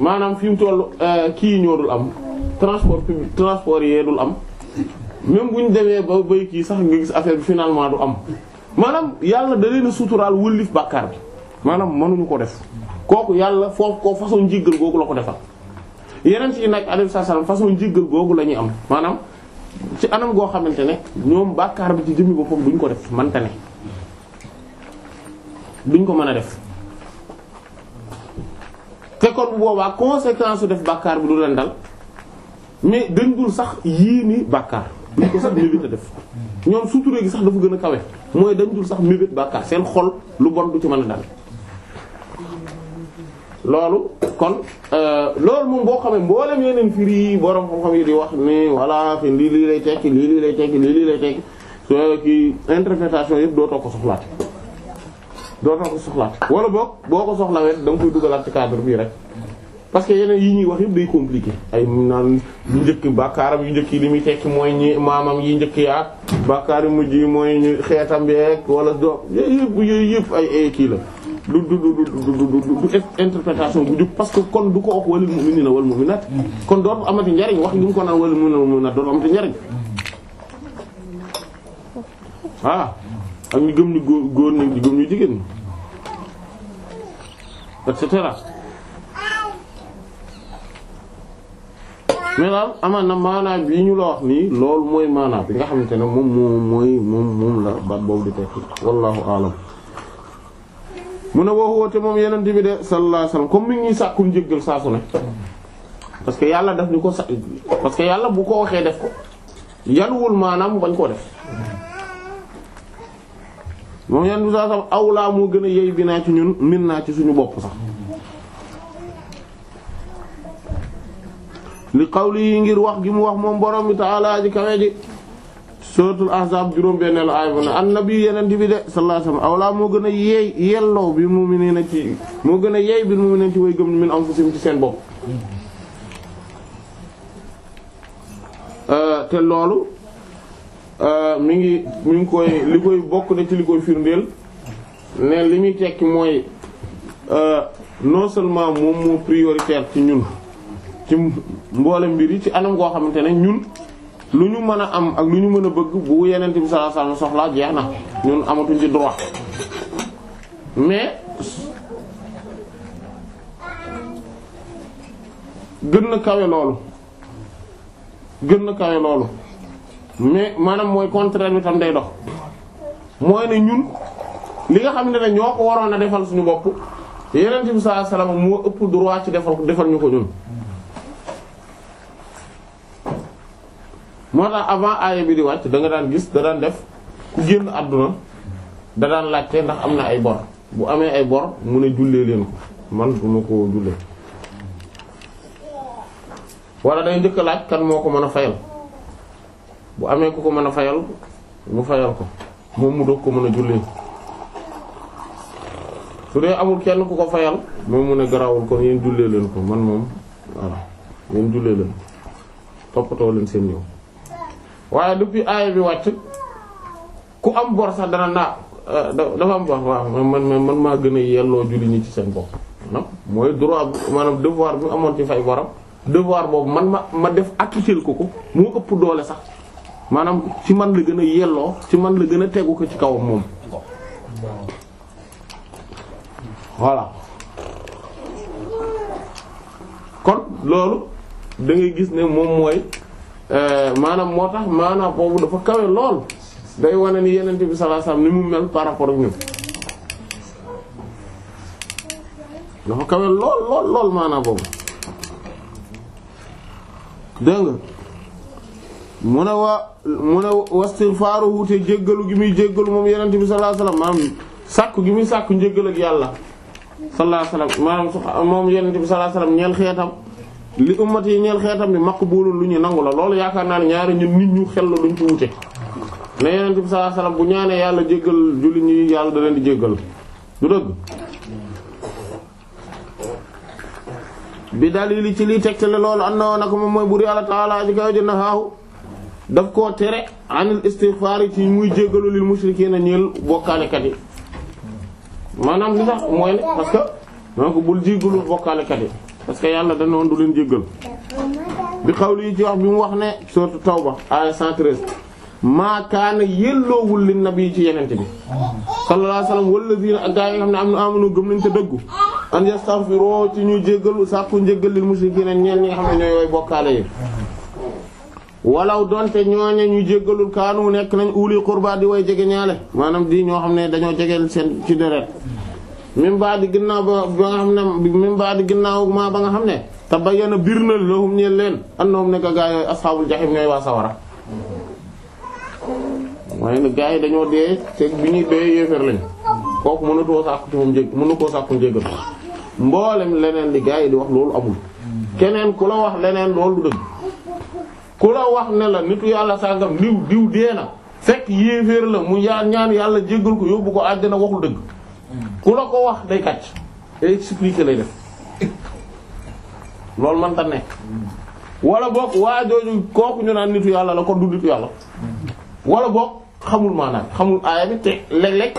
maanaam fi mu toll eh, kii ñoo dul am transport public transport yee dul am même bu ñu demee ba bay kii sax nga gis affaire bi finalement du am maanaam yàlla da leen a suturaal wëllif bàkkaar bi maanaam mënuñu ko def kooku yàlla foofu ko façon njiggal googu la ko defal yeneen yi nag alayhi salaam façon njiggal googu la ñuy am maanaam ci anam goo xamante ne ñoom bàkkaar bi ci jëmmi boppam duñ ko def mante ne duñ ko mën a def te kon bu boobaa conséquence su def bàkkaar bi du leen dal mais dañ dul sax yii ni bàkkaar duñ ko sax mébét a def ñoom suturé gi sax dafa gën a kawe mooy dañ dul sax mébét bàkkaar seen xol lu bon du ci mën a dal loolu kon euh, loolu moom boo xamee mboolem yeneen firi yi borom xam-xam yi di wax ni voilà fi lii lii lay tekki lii lii lay tekki lii lii lay interprétation yëpp doo toog ko soxlaat dootoo ko soxlaat wala boog boo ko soxlawee da nga koy dugalaat ci cadre bii rek parce que yeneen yi ñuy wax yëpp day compliqué ay naan njëkk bàkkaaram yu njëkk yi li muy tekki mooy ñi maamam yi njëkk yaak bàkkaar yu mujj yi mooy ñu xeetam beek wala doo yëpp ay kii la du du du bu parce que kon du ko wax walil mu'minina wal kon dootu amati njariñ wax gi mu ko naan walil mu'minina wal mu'minat dootu amati njariñ ah ak ñu gëm ñu góor góor ñi ñu gëm ñu jigéen ñi et cetera. mais amaan na maanaam bi ñu la wax nii loolu mooy maanaam bi nga xamante ne moom moom mooy moom moom la baat boobu di tekki wallahu alam mu ne woo woote moom yeneen bi de sallallahu alayhi wasallam comme mi ngi sàkkum jéggal saa su ne parce que yàlla def ñu ko sa parce que yàlla bu ko waxee def ko yanuwul maanaam bañ koo def moom yan bi sallallahu alayhi awlaa moo gën a yey bi naa ci ñun min naa ci suñu bopp sax li xawli yi ngir wax gi mu wax moom borom bi ta'ala ji ji suratul ahzab juróom benneelu aay bu ne annabi yeneen bi de sallallahu alayhi wasallam awlaa moo gën a yeey yelloo bi mu'minina ci moo gën a yeey bi mu'minina ci way gëm min anfusihim ci seen bopp euh, te loolu Euh, mi ngi mu ngi koy li koy bokk na ci li koy firndeel ne li muy tekki mooy euh, non seulement moom moo prioritaire ci ñun ci mboole mbir yi ci anam goo xamante ne ñun lu ñu mën a am ak lu ñu mën a bëgg bu yeneen bi sallallahu alayhi wasallam soxlaa jeex na ñun amatuñ ci droit mais gën na kawe loolu gën na kawe loolu mais maanaam mooy contraire bi tam day dox mooy ne ñun li nga xam ne ne ñoo ko waroon a defal suñu bopp yeneen bi sallallahu alayhi wasallam moo ëpp droit ci defal defal ñu ko ñun. moo tax avant aaya bi di wàcc danga daan gis da daan def ku génn àdduna da daan laajte ndax am na ay bor bu amee ay bor mu ne jullee leen ko man du ma ko jullee wala day njëkk laaj kan moo ko mën a fayal. bu amee ku ko mën a fayal mu fayal ko moom mu doog ko mën a jullee su dee amul kenn ku ko fayal moom mu ne garaawul ko yéen jullee leen ko man moom voilà yéen jullee leen toppatoo leen seen ñëw waaye depuis aaya bi wàcc ku am bor sax dana naa eh, dafa am bor waaw man man maa gën a yelloo julli ñi ci seen bopp maanaam mooy droit maanaam amoon ci fay boram devoir boobu man ma ma def appliquer ko ko moo ëpp doole sax maanaam ci man la gën a yelloo ci man la gën a tegu ko ci kawam moom voilà kon loolu da ngay gis ne moom mooy euh, maanaam moo tax maanaam boobu dafa kawe lool day wane ni yeneen bi sallallahu ni mu mel par rapport ak ñun dafa kawe lool lool lool maanaam boobu dégg mu ne wa mu ne wastighfaaruhu te jéggalu gi muy jéggalu moom yenent bi sallallahu alayhi wasallam maanaam sàkku gi muy sàkku njéggal yàlla sallallahu alayhi wasallam maanaam moom yenent bi sallallahu alayhi wasallam ñeel xeetam li ummat yi ñeel xeetam bu maqbulul lu ñuy nangu la loolu yaakaar naa ne ñaari nit ñu xel la luñ ci wute ne yenent bi sallallahu alayhi bu ñaanee yàlla jéggal julli ñi yàlla da leen di jéggal du dëgg bi dalili ci liy tegtale loolu am na woon ak moom mooy buri àlla taala ji kaw jënna xaahu daf ko tere anil istighfar yi ci muy jéggalu lil mushrikiina ñeel bokkaalekat yi maanaam li tax mooy ne parce que donc bul jéggalu bokkaalekat yi parce que yàlla da noon du leen jéggal bi xawli yi ci wax bi mu wax ne sourate Tawba aaya 113 maa kaana yelloowul li nabi ci yenente bi sallallahu alayhi wasallam wallazina ak gaa yi xam ne am na amanu gëm nañ te dëggu an yastaghfiru ci ñuy jéggalu sàkku njéggal lil mushrikiina ñeel ñi nga xam ne bokkaale walaw donte ñooña ñu jéggalul kaanu nekk nañ uli qurba di way jege ñaale maanaam di ñoo xam ne dañoo jegeel seen ci deret min ba di ginnaaw ba ba nga xam ne min ba di ginnaaw maa ba nga xam ne tabayyana bir na lahum ñeel leen annahum nekk gaa yooyu ashaabul jahim ñooy waa sawara waaye nag gaa yi dañoo dee te bi ñuy dee yéeféer lañ kooku mënatoo sàkku ci moom jég mënu koo sàkku njéggal mboolem leneen li gaa yi di wax loolu amul keneen ku la wax leneen loolu du ku la wax ne la nitu yàlla sàngam diw diw dee na fekk yéeféer la mu yaa ñaan yàlla jéggal ko yóbbu ko àddina waxul dëgg ku la ko wax day kàcc expliquer lay def loolu man wala boog waa jooju kooku yàlla la kon du nitu wala boog xamul maanaam xamul aaya bi te léeg-léeg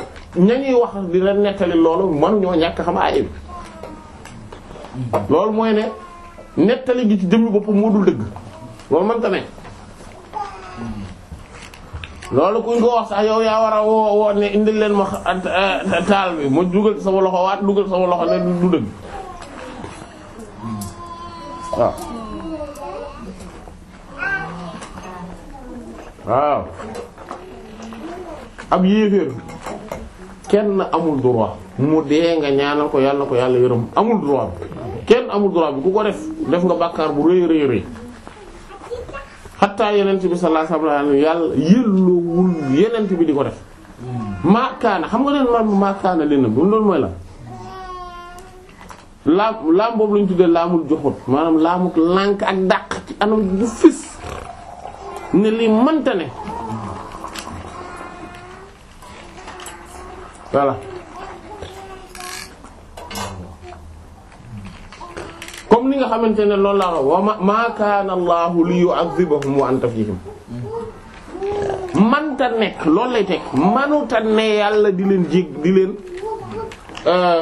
man ñoo ñàkk xam aaya bi loolu mooy ne nettali gi ci jëmmi boppam moo dul dëgg loolu mënta ne ko wax sax yow yaa war a woo woo ne indil leen ma taal bi ma dugal sama loxo waat dugal sama loxo ne du dëgg waaw waaw ab yéeféer kenn amul droit mu dee nga ñaanal ko yàlla ko yàlla yërëm amul droit kenn amul droit bi ku ko def def nga bàkkaar bu rëy rëy rëy xattaa yenent bi sallallahu alayhi wasallam yàlla yëlloowul yenent bi di ko def hmm. maakaana xam nga leen ma maakaana leen bu loolu mooy la laam laam boobu lañu tuddee laamul joxut maanaam laamuk lànk ak dàq ci anam bu fis ne lii mënta ne voilà comme li nga xamante ne loolu laa wax wa ma kaana Allahu li yu'adhibahum wa anta fihim manta nekk loolu lay teg manuta ne yàlla di leen jég di leen euh,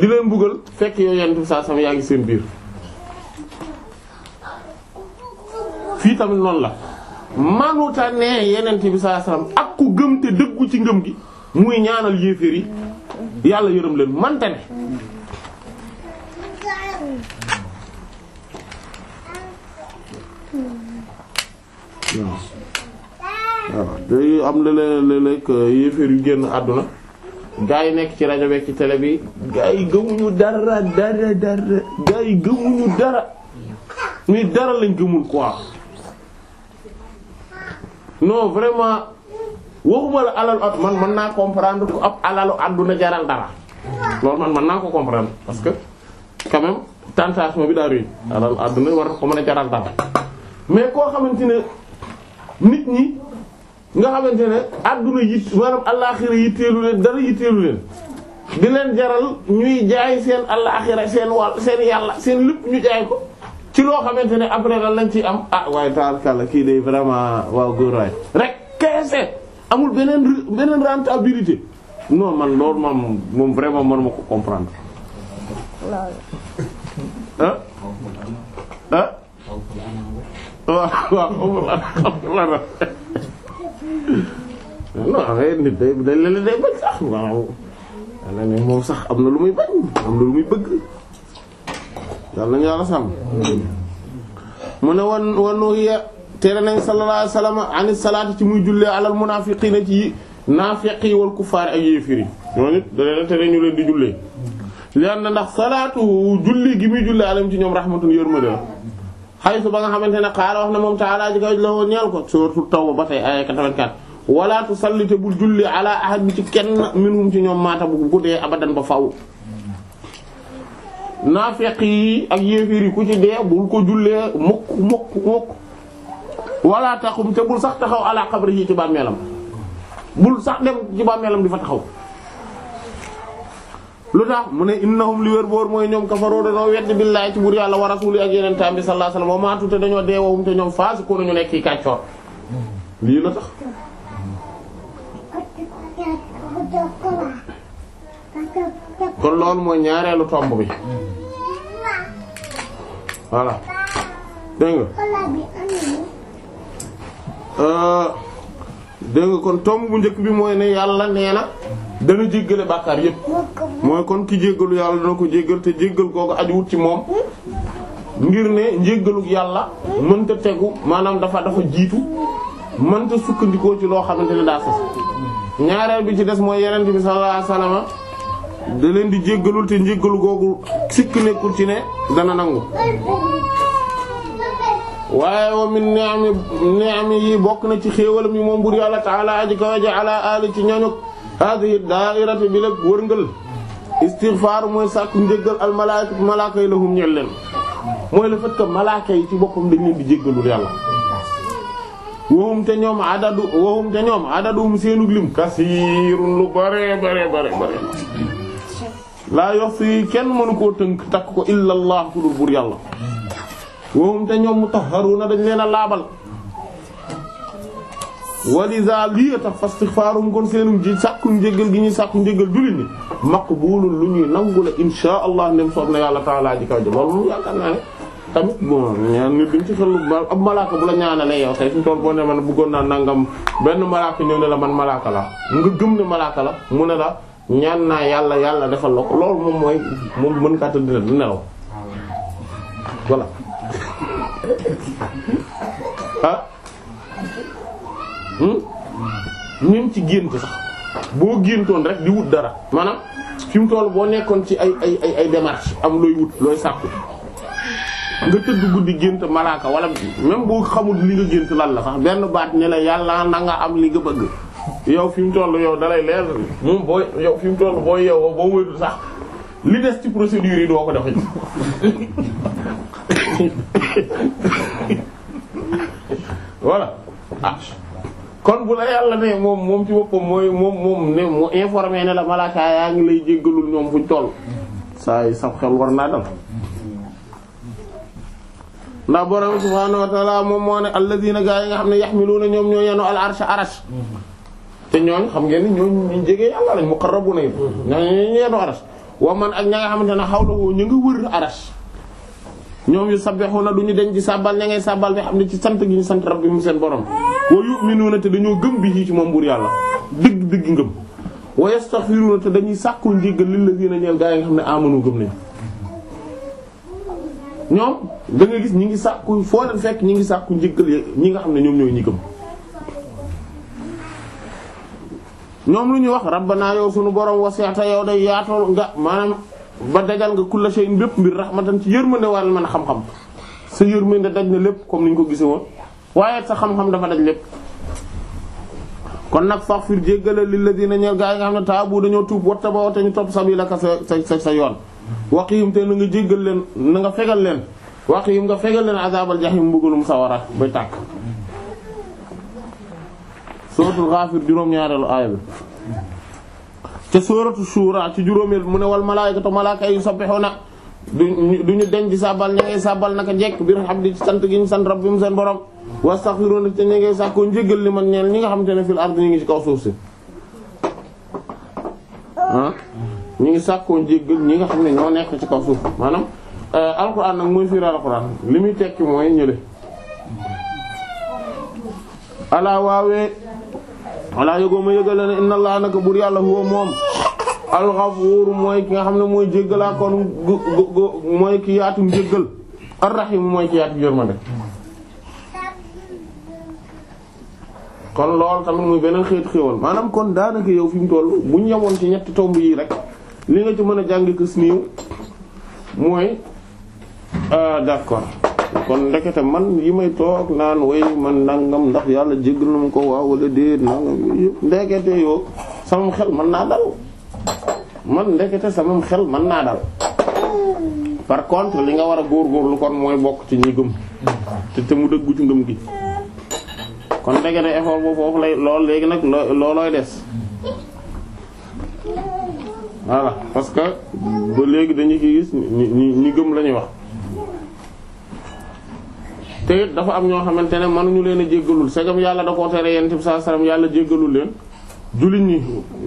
di leen bugal fekk yow yentu saa sam yaa ngi seen biir fii tamit noonu la manuta ne yenent bi saa sam ak ku gëm te dëggu ci ngëm gi muy ñaanal yéeféer yi yàlla yërëm leen manta ne waaw waaw day am léeg euh, yéeféer yu génn àdduna gaa yi nekk ci rajo beeg ci tele bi gaa yi gëmuñu dara dara dara gaa yi gëmuñu dara mais dara lañ gëmul quoi non vraiment waxuma la alal at man mën naa comprendre ko ab alalu àdduna jaral dara loolu man mën naa ko comprendre parce que quand même tentation bi daa réy alalu àdduna war na ko mën a jaral dara mais koo xamante nit ñi nga xamante ne àdduna yit maanaam allaaxira yitteelu leen dara yitteelu leen di leen jaral ñuy jaay seen allaaxira seen wàll seen yàlla seen lépp ñu jaay ko ci loo xamante ne après lan lañ ciy am ah waaye taal kàlla kii day vraiment waaw góor waay rek keese amul beneen beneen rentabilité non man loolu moom moom vraiment man ma ko comprendre. ah ah. waaw waaw amul ànd nit day day léeg day bañ sax waaw. moom sax am na lu muy bañ am na lu muy bëgg yàlla nañu yàlla sàmm. mu ne wan wanu ya tere nañ sallallahu ci muy jullee alal munaafiqiina ci naafiq yi wal kuffaar ak yéefir yi. nit da leen tere ñu leen di jullee. li na ndax salaatu julli gi muy jullee alam ci ñoom rahmatun yërmande xaysu ba nga xamante ne xaala wax na moom taalaa ji kaw la woo ñeel ko suratul tawba ba tey aaya 84 wala tusalli te bul julli ala ahad bi ci kenn minhum ci ñoom maata bu guddee abadan ba faw naafeq yi ak yéeféer yi ku ci dee bul ko jullee mukk mukk mukk wala taxum te bul sax taxaw ala xabri yi ci bàmmeelam bul sax dem ci bàmmeelam di fa taxaw lu tax mu ne innahum li wér boor mooy ñoom kafaroo dañoo weddi billaahi ci buur yàlla wa rasuuli ak yeneen taam bi sallallahu alayhi wasallam maatu te dañoo deewum te ñoom faasi ko nañu nekk yi lii la tax kon loolu mooy ñaareelu tomb bi voilà dégg dégg nga kon tomb bu njëkk bi mooy ne yàlla nee na dana jéggale bàkkaar yépp mooy kon ki jéggalu yàlla dana ko jéggal te jéggal googu ajuwut ci moom ngir ne njéggaluk yàlla mënta tegu maanaam dafa dafa jiitu mënta sukkandikoo ci loo xamante ne daa sas ñaareel bi ci des mooy yeneen bi sallallahu alayhi wasallam da leen di jéggalul te njéggalu googu sikk nekkul ci ne dana nangu waaye wa min ni'ami ni'ami yi bokk na ci xéewalam yi moom bur yàlla ta'ala aji kawaji ala ali ci ñoñuk hadihi da'irati bi lépp wërngël istighfar mooy sàkku njéggal al malaaka yi lahum ñel leen mooy le fait malaaka yi ci boppam dañ leen di jéggalul yàlla waxum ñoom adadu waxum te ñoom adadum seenug lim kasiirun lu bare bare bare laa yox fi kenn mënu koo tënk takk ko illa allah dul bur yàlla wahum te ñoom na dañ leen a laabal waliza lii tax fastighfaarum kon seenu ji sàkku njéggal gi ñuy sàkku njéggal jullit ñi maqbulun lu ñuy nangu la insha allah ndem soob yàlla taala ji kaw ji loolu yaakaar naa ne tamit ñaan ab malaaka bu la ñaanalee yow tey fi tool boo ne man bëggoon naa nangam benn malaaka ñëw ne la man malaaka la nga gëm ne malaaka la mu ne la ñaan naa yàlla yàlla defal la ko loolu moom mooy moom mën kaa tëdd na du nelaw voilà ah hmm? même ci gént sax boo géntoon rek di wut dara maanaam fi mu toll boo nekkoon ci ay ay ay ay démarche am looy wut looy sàkku nga tëdd guddi gént malaaka wala même boo xamul li nga gént lan la sax benn baat ne la yàlla na nga am li nga bëgg yow fi mu toll yow dalay leer moom booy yow fi mu toll booy boo moytu sax li des ci procédure yi doo ko def <laughs> <laughs> voilà ah kon bu la yàlla ne moom moom ci boppam mooy moom moom ne mu informé ne la malaaka yaa ngi lay jéggalul ñoom fuñ toll saa yi saf xel war naa dal ndax borom subhaanahu wa ta'ala moom moo ne alladina gaa yi nga xam ne yaxmiluuna ñoom ñoo yenu al arsha arash te ñooñ xam ngeen ni ñooñu ñu jege yàlla lañ muqarrabuna yi ñooñu ñu yenu arash wa man ak ña nga xamante ne xawlahu ñu ngi wër arash ñoom yu sabbihuna du ñu deñ ci sàbbal ña ngay sàbbal bi xam ne ci sant gi ñu sant rab bi mu seen borom wa yu'minuna te dañoo gëm bi ci moom buur yàlla dëgg dëgg ngëm wa yastaghfiruna te dañuy sàkku njéggal lillazina ñeel gaa yi nga xam ne amanu gëm nañ gis ñi ngi sàkku foo leen ñu ngi sàkku njéggal ñi nga xam ne ñoom ñooy ñi gëm ñoom lu ñuy wax rabbana yow sunu borom wasi'ta yow day yaatol nga maanaam ba dagal nga kulla shay'in bépp mbir rahmatan ci yërmande wàll mën a xam-xam sa yërmande daj na lépp comme ni ñu ko gisee woon waaye sa xam-xam dafa daj lépp. kon nag faghfir jéggalal lilladina ñeel gaa yi nga xam ne taabu dañoo tuub wattaba'u te ñu topp sabiilaka sa sa sa yoon. waqihim te na nga jéggal leen na nga fegal leen waqihim nga fegal leen azaabal jahim mbugalum sawara ba tàkk. suratul Ghafir juróom-ñaareelu aaya ca suuratu Shura ci juróomeel mu ne wal malaa'ikatu malaaka yu sabbihuna du ñu denc saabal ña ngay saabal naka njekk biir xam di sant gi ñu sant rabbim seen borom wastaghfiruna te ña ngay sàkkoo njéggal li man ñeel ñi nga xam te ne ñu ngi ci kaw suuf ah? ñu ngi sàkkoo njéggal ñi nga xam ne ñoo nekk ci kaw suuf maanaam eh, alxuraan nag mooy fiir alxuraan li muy tekki mooy ñële alaa waawee walaa yëgoo ma yëgal ne inna allah naka buur yàlla huwa moom al mooy ki nga xam ne mooy jéggalaa kon gu gu mooy ki yaatu njéggal ar-Rahiim mooy ki yaatu yërmande kon loolu tamit muy beneen xeetu xéewal maanaam kon daanaka yow fi mu toll bu ñu ci ñetti tomb yii rek li nga ci mën a jàng kës niiw mooy euh, d'accord kon ndekete man yi may toog naan way man nangam ndax yàlla jéggal na ma ko waaw wala déet nangam yooyu yëpp ndekete yoo sama xel mën naa dal man ndekete sama xel man naa dal par contre li nga war a góor góorgóorlu kon mooy bokk ci ñi gëm te te mu dëggu ci ngëm gi kon ndekete effort boobu foofu lay lool léegi nag loolooy des voilà parce que ba léegi dañu ci gis ñi ñi gëm la ñuy wax te dafa am ñoo xamante ne mënuñu leen a jéggalul segam yàlla da koo tere yonent bi sallallahu alayhi wasallam yàlla jéggalul leen jullit ñi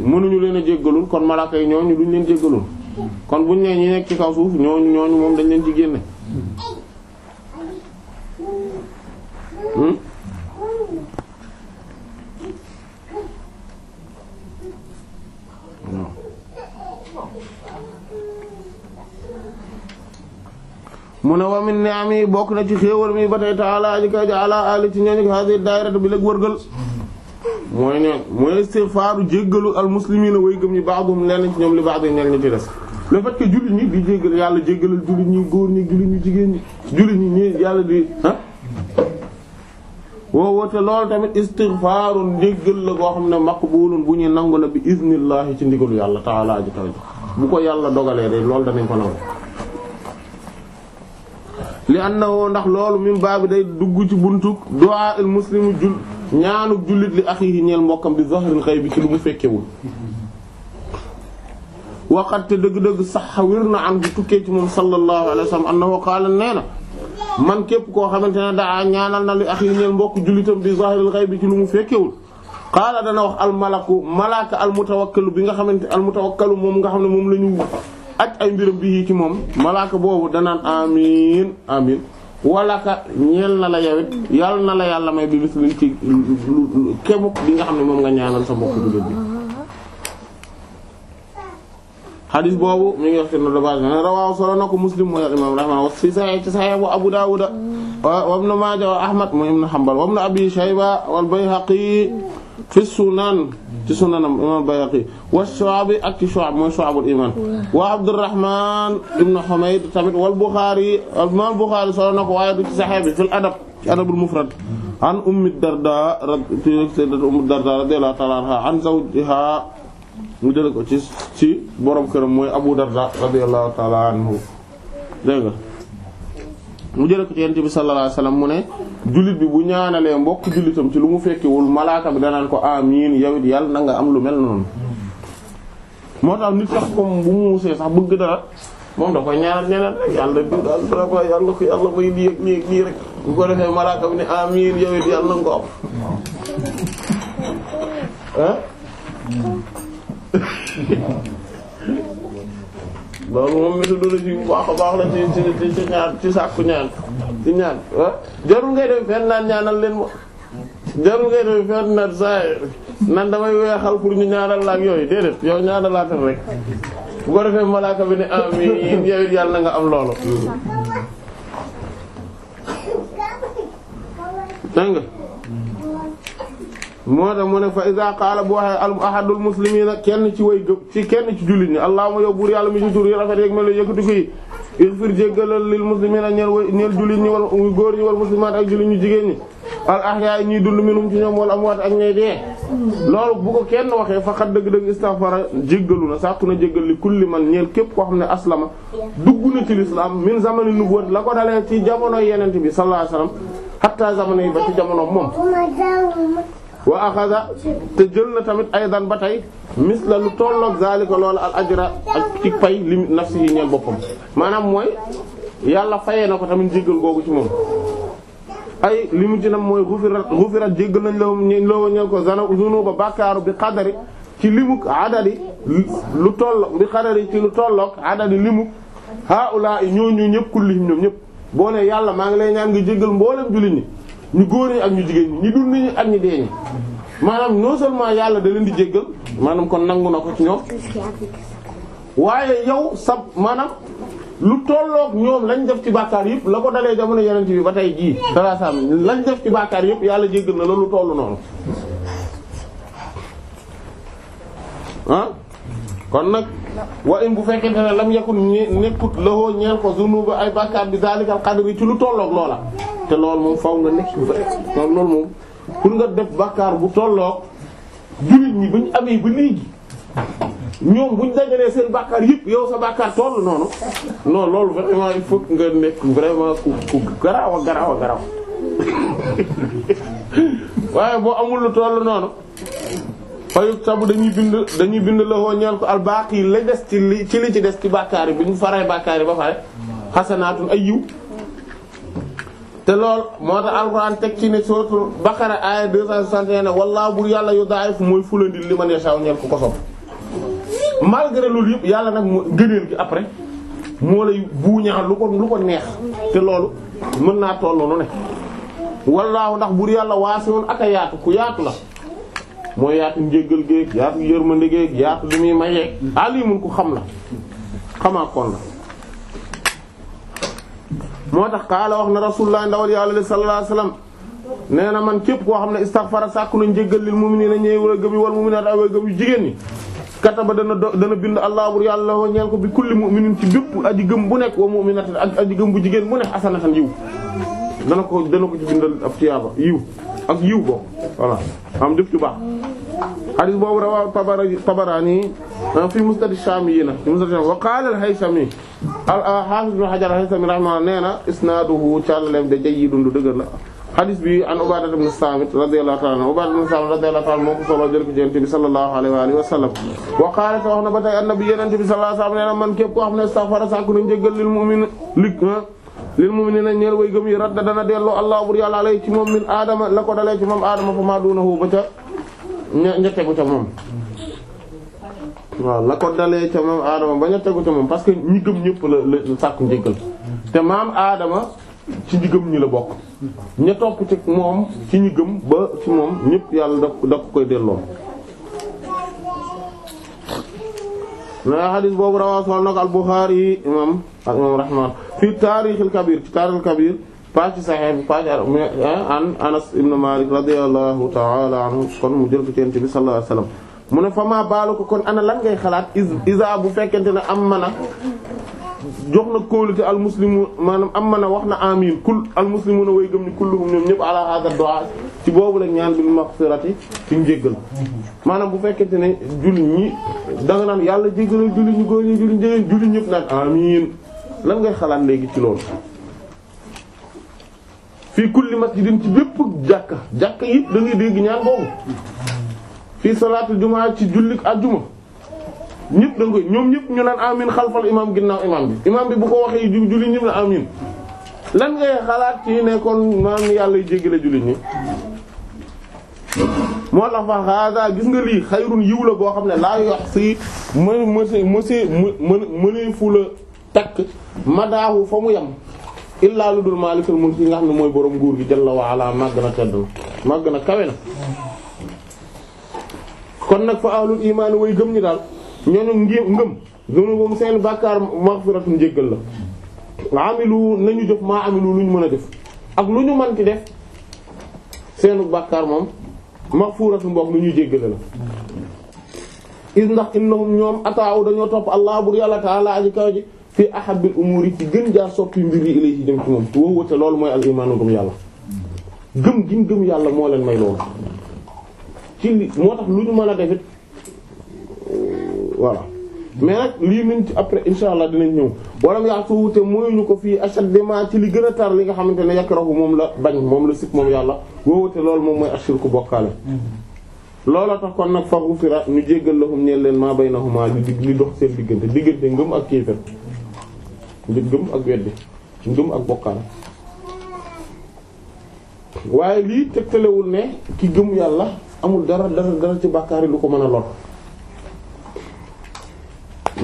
mënuñu leen a jéggalul kon malaaka yi ñooñu duñ leen jéggalul kon buñ ne ñi nekk ci kaw suuf ñooñu ñooñu moom dañ leen ci génne mu ne wa min ni'ami bokk na ci xéewal mi ba tey taala aji kay ala ali ci ñooñu hadi daayirata bi lëg wërgal mooy ñooñ mooy istighfaaru jéggalu al way gëm ñi ba'dhum lenn ci ñoom li ba'd ñen ñi ci des le fait que jullit ñi di jéggal yàlla jéggalal jullit ñi góor ñi jullit ñi jigéen ñi jullit ñi ñi yàlla di ah woowoote loolu tamit istighfaarun jéggal la koo xam ne maqbuulun bu ñuy nangu la bi iznillahi ci ndigalu yàlla taala aji kaw ji ko yàlla dogalee day loolu danañ ko nangu li annahu ndax loolu min baabi day dugg ci buntu du'a al muslimu jul ñaanu jullit li axiihi ñeel mbokkam bi zahril ghaybi ci fekkewul waqat te dëgg-dëgg sax wér na am tukkee ci moom sallallahu alayhi wa sallam annahu nee na man képp koo xamante ne daa ñaanal na li axiihi mbokk jullitam bi zahril ghaybi ci lu mu fekkewul qaala dana wax al malaku malaaka al mutawakkalu bi nga xamante al moom nga xam ne moom la ñu aj ay mbiram bi ci moom malaaka boobu danaan amin amin walaka ñeel na la yawit yàlla na la yàlla may bi bis kemuk li xam ne moom nga ñaanal sa mbokk jullit bi xadis boobu mi ngi wax na ko muslim mooy al imam abu daawuda wa ibn maaja wa ahmad mu ibn hanbal wa ibn abi shayba wal bayhaqi fi sunan ci sunanam imam Bayhaqi wa Shu'abi ak ci Shu'ab mooy Shu'abul iman wa Abdurrahman ibn Humayd tamit wal Bukhari imam Bukhari solo na ko waaye du ci Sahih bi fil adab ci adabul mufrad an Ummi Darda sayyidatu Ummi Darda radiyallahu ta'ala anha an zawjiha mu jële ko ci ci borom këram mooy Abu Darda radiyallahu ta'ala anhu dégg nga mu jëlee ko ci yonent bi sallallahu alayhi mu ne jullit bi bu ñaanalee mbokk jullitam ci lu mu fekkiwul malaaka bi danaa ko amiin yow it yàlla na nga am lu mel noonu. moo tax nit sax comme bu mu muusee sax bëgg dara moom da ñaanal ñeneen rek yàlla du daal vraiment yàlla ko yàlla may lii ak lii ak lii rek bu ko defee malaaka bi ne amiin yow it yàlla na ko am. ah. loolu moom méthodologie bu baax a baax la ci ci ci ñaan ci sàkku ñaan ci ñaan ah jarul ngay dem fenn naan ñaanal leen ma jarul ngay dem fenn nan damay weexal pour ñu ñaanal la ak yooyu déedéet yow ñaanalaatal rek bu ko malaaka bi ne amiin yow it yàlla nga am loolu. Mm-hmm. dégg moo tax mu ne fa iza qaala bu waxee al ahadul muslimiina kenn ci way gëm ci kenn ci jullit ñi allahumma yow buur yàlla mi ci tur yi rafet yeeg mel yëkkati ko yi igfir jéggalal lil muslimiina ñeel way ñeel jullit ñi wal góor ñi wal muslimaat ak jullit ñu jigéen ñi al ahyaa yi ñuy dund minum ci ñoom wal amwaat ak ñay dee loolu bu ko kenn waxee faqat dëgg-dëgg istaghfara jéggalu na sàkku na jéggal li kulli man ñeel képp koo xam ne aslama dugg na ci lislaam min zamani nubuwwat la ko dalee ci jamono yenente bi sallallahu alayhi wasallam hatta zamani jamono moom wa axada te jël na tamit ay aydan ba tey misla lu tolloog zalika loola al ajra ak ci pay lim nafsi yi ñeel boppam maanaam mooy yàlla fayee na ko tamit jéggal googu ci moom ay li mu ci nam mooy xufira xufira jéggal nañ lañ loowa ñeel ko zana zunuba bàkkaaru bi xadari ci limu adadi lu tolloog bi xadari ci lu tolloog adadi limuk haula i ñooñu ñëpp kulli ñoom ñëpp boo ne yàlla maa ngi lay ñaan nga jéggal mboolem jullit ñi ñu góor ñi ak ñu jigéen ñi ñu dund ñi ak ñu dee ñi maanaam non seulement yàlla da leen di jéggal maanaam kon nangu na ko ci ñoom yow sab maanaam lu tolloog ñoom lañ def ci bàkkaar yëpp la ko dalee jamono yonent bi ba tey jii dara sam lañ def ci bàkkaar yëpp yàlla jéggal na la lu tollu noonu ah kon nag wa in bu fekkente ne lam yakun nekkut la woo ñeel ko zunuba ay bàkkaar bi daalikal qadri ci lu tolloog loola te lool moom faw nga nekk vrai loolu moom pour nga def bàkkaar bu tolloog jullit ñi buñ amee ba léegi ñoom buñ dajalee seen bàkkaar yëpp yow sa bàkkaar toll noonu non loolu vraiment il faut nga nekk <laughs> boo amul lu toll noonu fayut sabu dañuy bind dañuy bind la woo ñaan ko albaaq yi la des ci li ci des ci bàkkaar yi bi ñu faree bàkkaar yi ba pare xasanaatun ay yiw te lool moo tax alxuraan teg ci ne suratul Baqara aaya 261 wallaahu bur yàlla yu daayif mooy fulandil li man yashaa ñeel ko ko sopp malgré loolu yëpp yàlla nag moo gëneel gi après moo lay buuñaa lu ko lu ko neex te loolu mën naa tollu nu ne wallaahu ndax bur yàlla waasiwun ak a yaatu ku yaatu la moo yaatu njéggal géeg yaatu yërmande géeg yaatu li muy mayeeg alimun ku xam la xamaa kon la moo tax xaala wax na rasulullah ndawal yàlla li sallallahu alayhi wasallam na man képp koo xam ne istaghfara sàkku na njéggal lil mu'minina ñëw war a gëm yi wal mu'minat awee gëm yu jigéen ñi kataba dana dana bind allah bur yàlla woo ñeel ko bi kulli mu'minin ci bépp aji gëm bu nekk wa mu'minatin ak aji gëm bu jigéen bu nekk asanatan yiw dana ko dana ko ci bindal ab tiyaaba yiw ak yiw ko voilà am jëf ju baax hadith boobu rawa Tabaraani fi musnad ash-Shaamiyyiin fi musnad wa qaala al-Haythami al-Haafiz ah, ibn Hajar al-Haythami rahimahullah nee na isnaaduhu càllaleem da jayyidun lu dëgër la xadis bi an Ubaada ibn Saamit radiyallahu ta'ala anhu Ubaada ibn Saamit radiyallahu ta'ala moo ko solo jël ko ci Yonent bi sallallahu alayhi wa alihi wa sallam wa qaala te wax na ba tey annabi Yonent bi sallallahu alayhi wa sallam nee na man képp koo xam ne istaghfara sàkku na njéggal lil mu'min lig ah, lil mu'minina ñeel way gëm yi radda dana delloo Allah bur yàlla alay ci moom min aadama la ko dalee ci moom aadama fa maa duunahu ba ca ñette bu ca moom waaw la ko dalee ca maam Adama bañ a tegu ca moom parce que ñi gëm ñëpp la la sàkku njëkkal te maam Adama ci ñi ñi la bokk ña topp ci moom ci ñi gëm ba ci moom ñëpp yàlla da ko koy delloo. na xadis boobu rawaa sol nag al Bukhari yi imam ak imam rahman fi kabir ci kabir page saxee bi ah, an Anas ibn Malik radiyallahu ta'ala kon mu jël ko ci bi sallallahu alayhi mu ne fama baalu ko kon ana lan ngay xalaat is isa bu fekkente ne am mana jox na kóolute al muslimu maanaam am mana wax na amin kul al muslimu na way gëm ni kulluhum ñoom ñëpp ala hada du'a ci boobu la ñaan bil maghfirati ci njéggal maanaam bu fekkente ne julli ñi danga nga naan yàlla jéggalal julli ñu góor ñi julli jigéen julli ñëpp naan amin lan ngay xalaat léegi ci loolu fii kulli masjidin ci bépp jàkka jàkka yëpp da ngay dégg ñaan boobu fii salaatul jumaa ci jullik àjjuma ñëpp da nga koy ñoom ñëpp ñu naan amin xalfal imam ginnaaw imam bi imam bi bu ko waxee ju julli ñëpp na amin lan ngay xalaat ci ne kon maam yàlla jéggale julli ñi moo tax fa hada gis nga lii xayrun yiw la boo xam ne laa yox si më mëse mëse më fula la takk madaahu fa mu yem illaa lu dul maalikul mulk nga xam ne mooy borom nguur gi jalla wa ala màgg na tedd na màgg na kawe na kon nag fa ahlul imaan gëm ñi daal ñooñu ngëm ngëm gëm moom seen bàkkaar la. nga amilu nañu jëf mën a def ak lu ñu mën ci def seenu bàkkaar moom maghfiratun mboq lu ñuy jéggale la. is ndax innahum ñoom dañoo topp allah bur yàlla ta'ala aji kaw ji fi ahabbil umuri ci gën jaar soppi mbir yi ilay ci jëm ci moom. wóobu te loolu mooy al imaanu yàlla gëm gi gëm yàlla moo leen may loolu. ci moo tax lu ñu mën a def it voilà mais nag lii nañ ci après insha allah dinañ ñëw walam yaa su wute mooy ñu ko fii achadement ci li gën a tar li nga xamante ne yakrahu moom la bañ moom la sib moom yàlla woowute loolu moom mooy ashirku bokkaale loola tax kon nag faru fira ñu jéggal la hum ñeel leen maa baynahuma li li dox seen diggante diggante ngëm ak kéefër ngëm ak weddi ngëm ak bokkaale waaye lii tegtalewul ne ki gëm yàlla amul dara dara dara ci bàkkaar yi lu ko mën a lool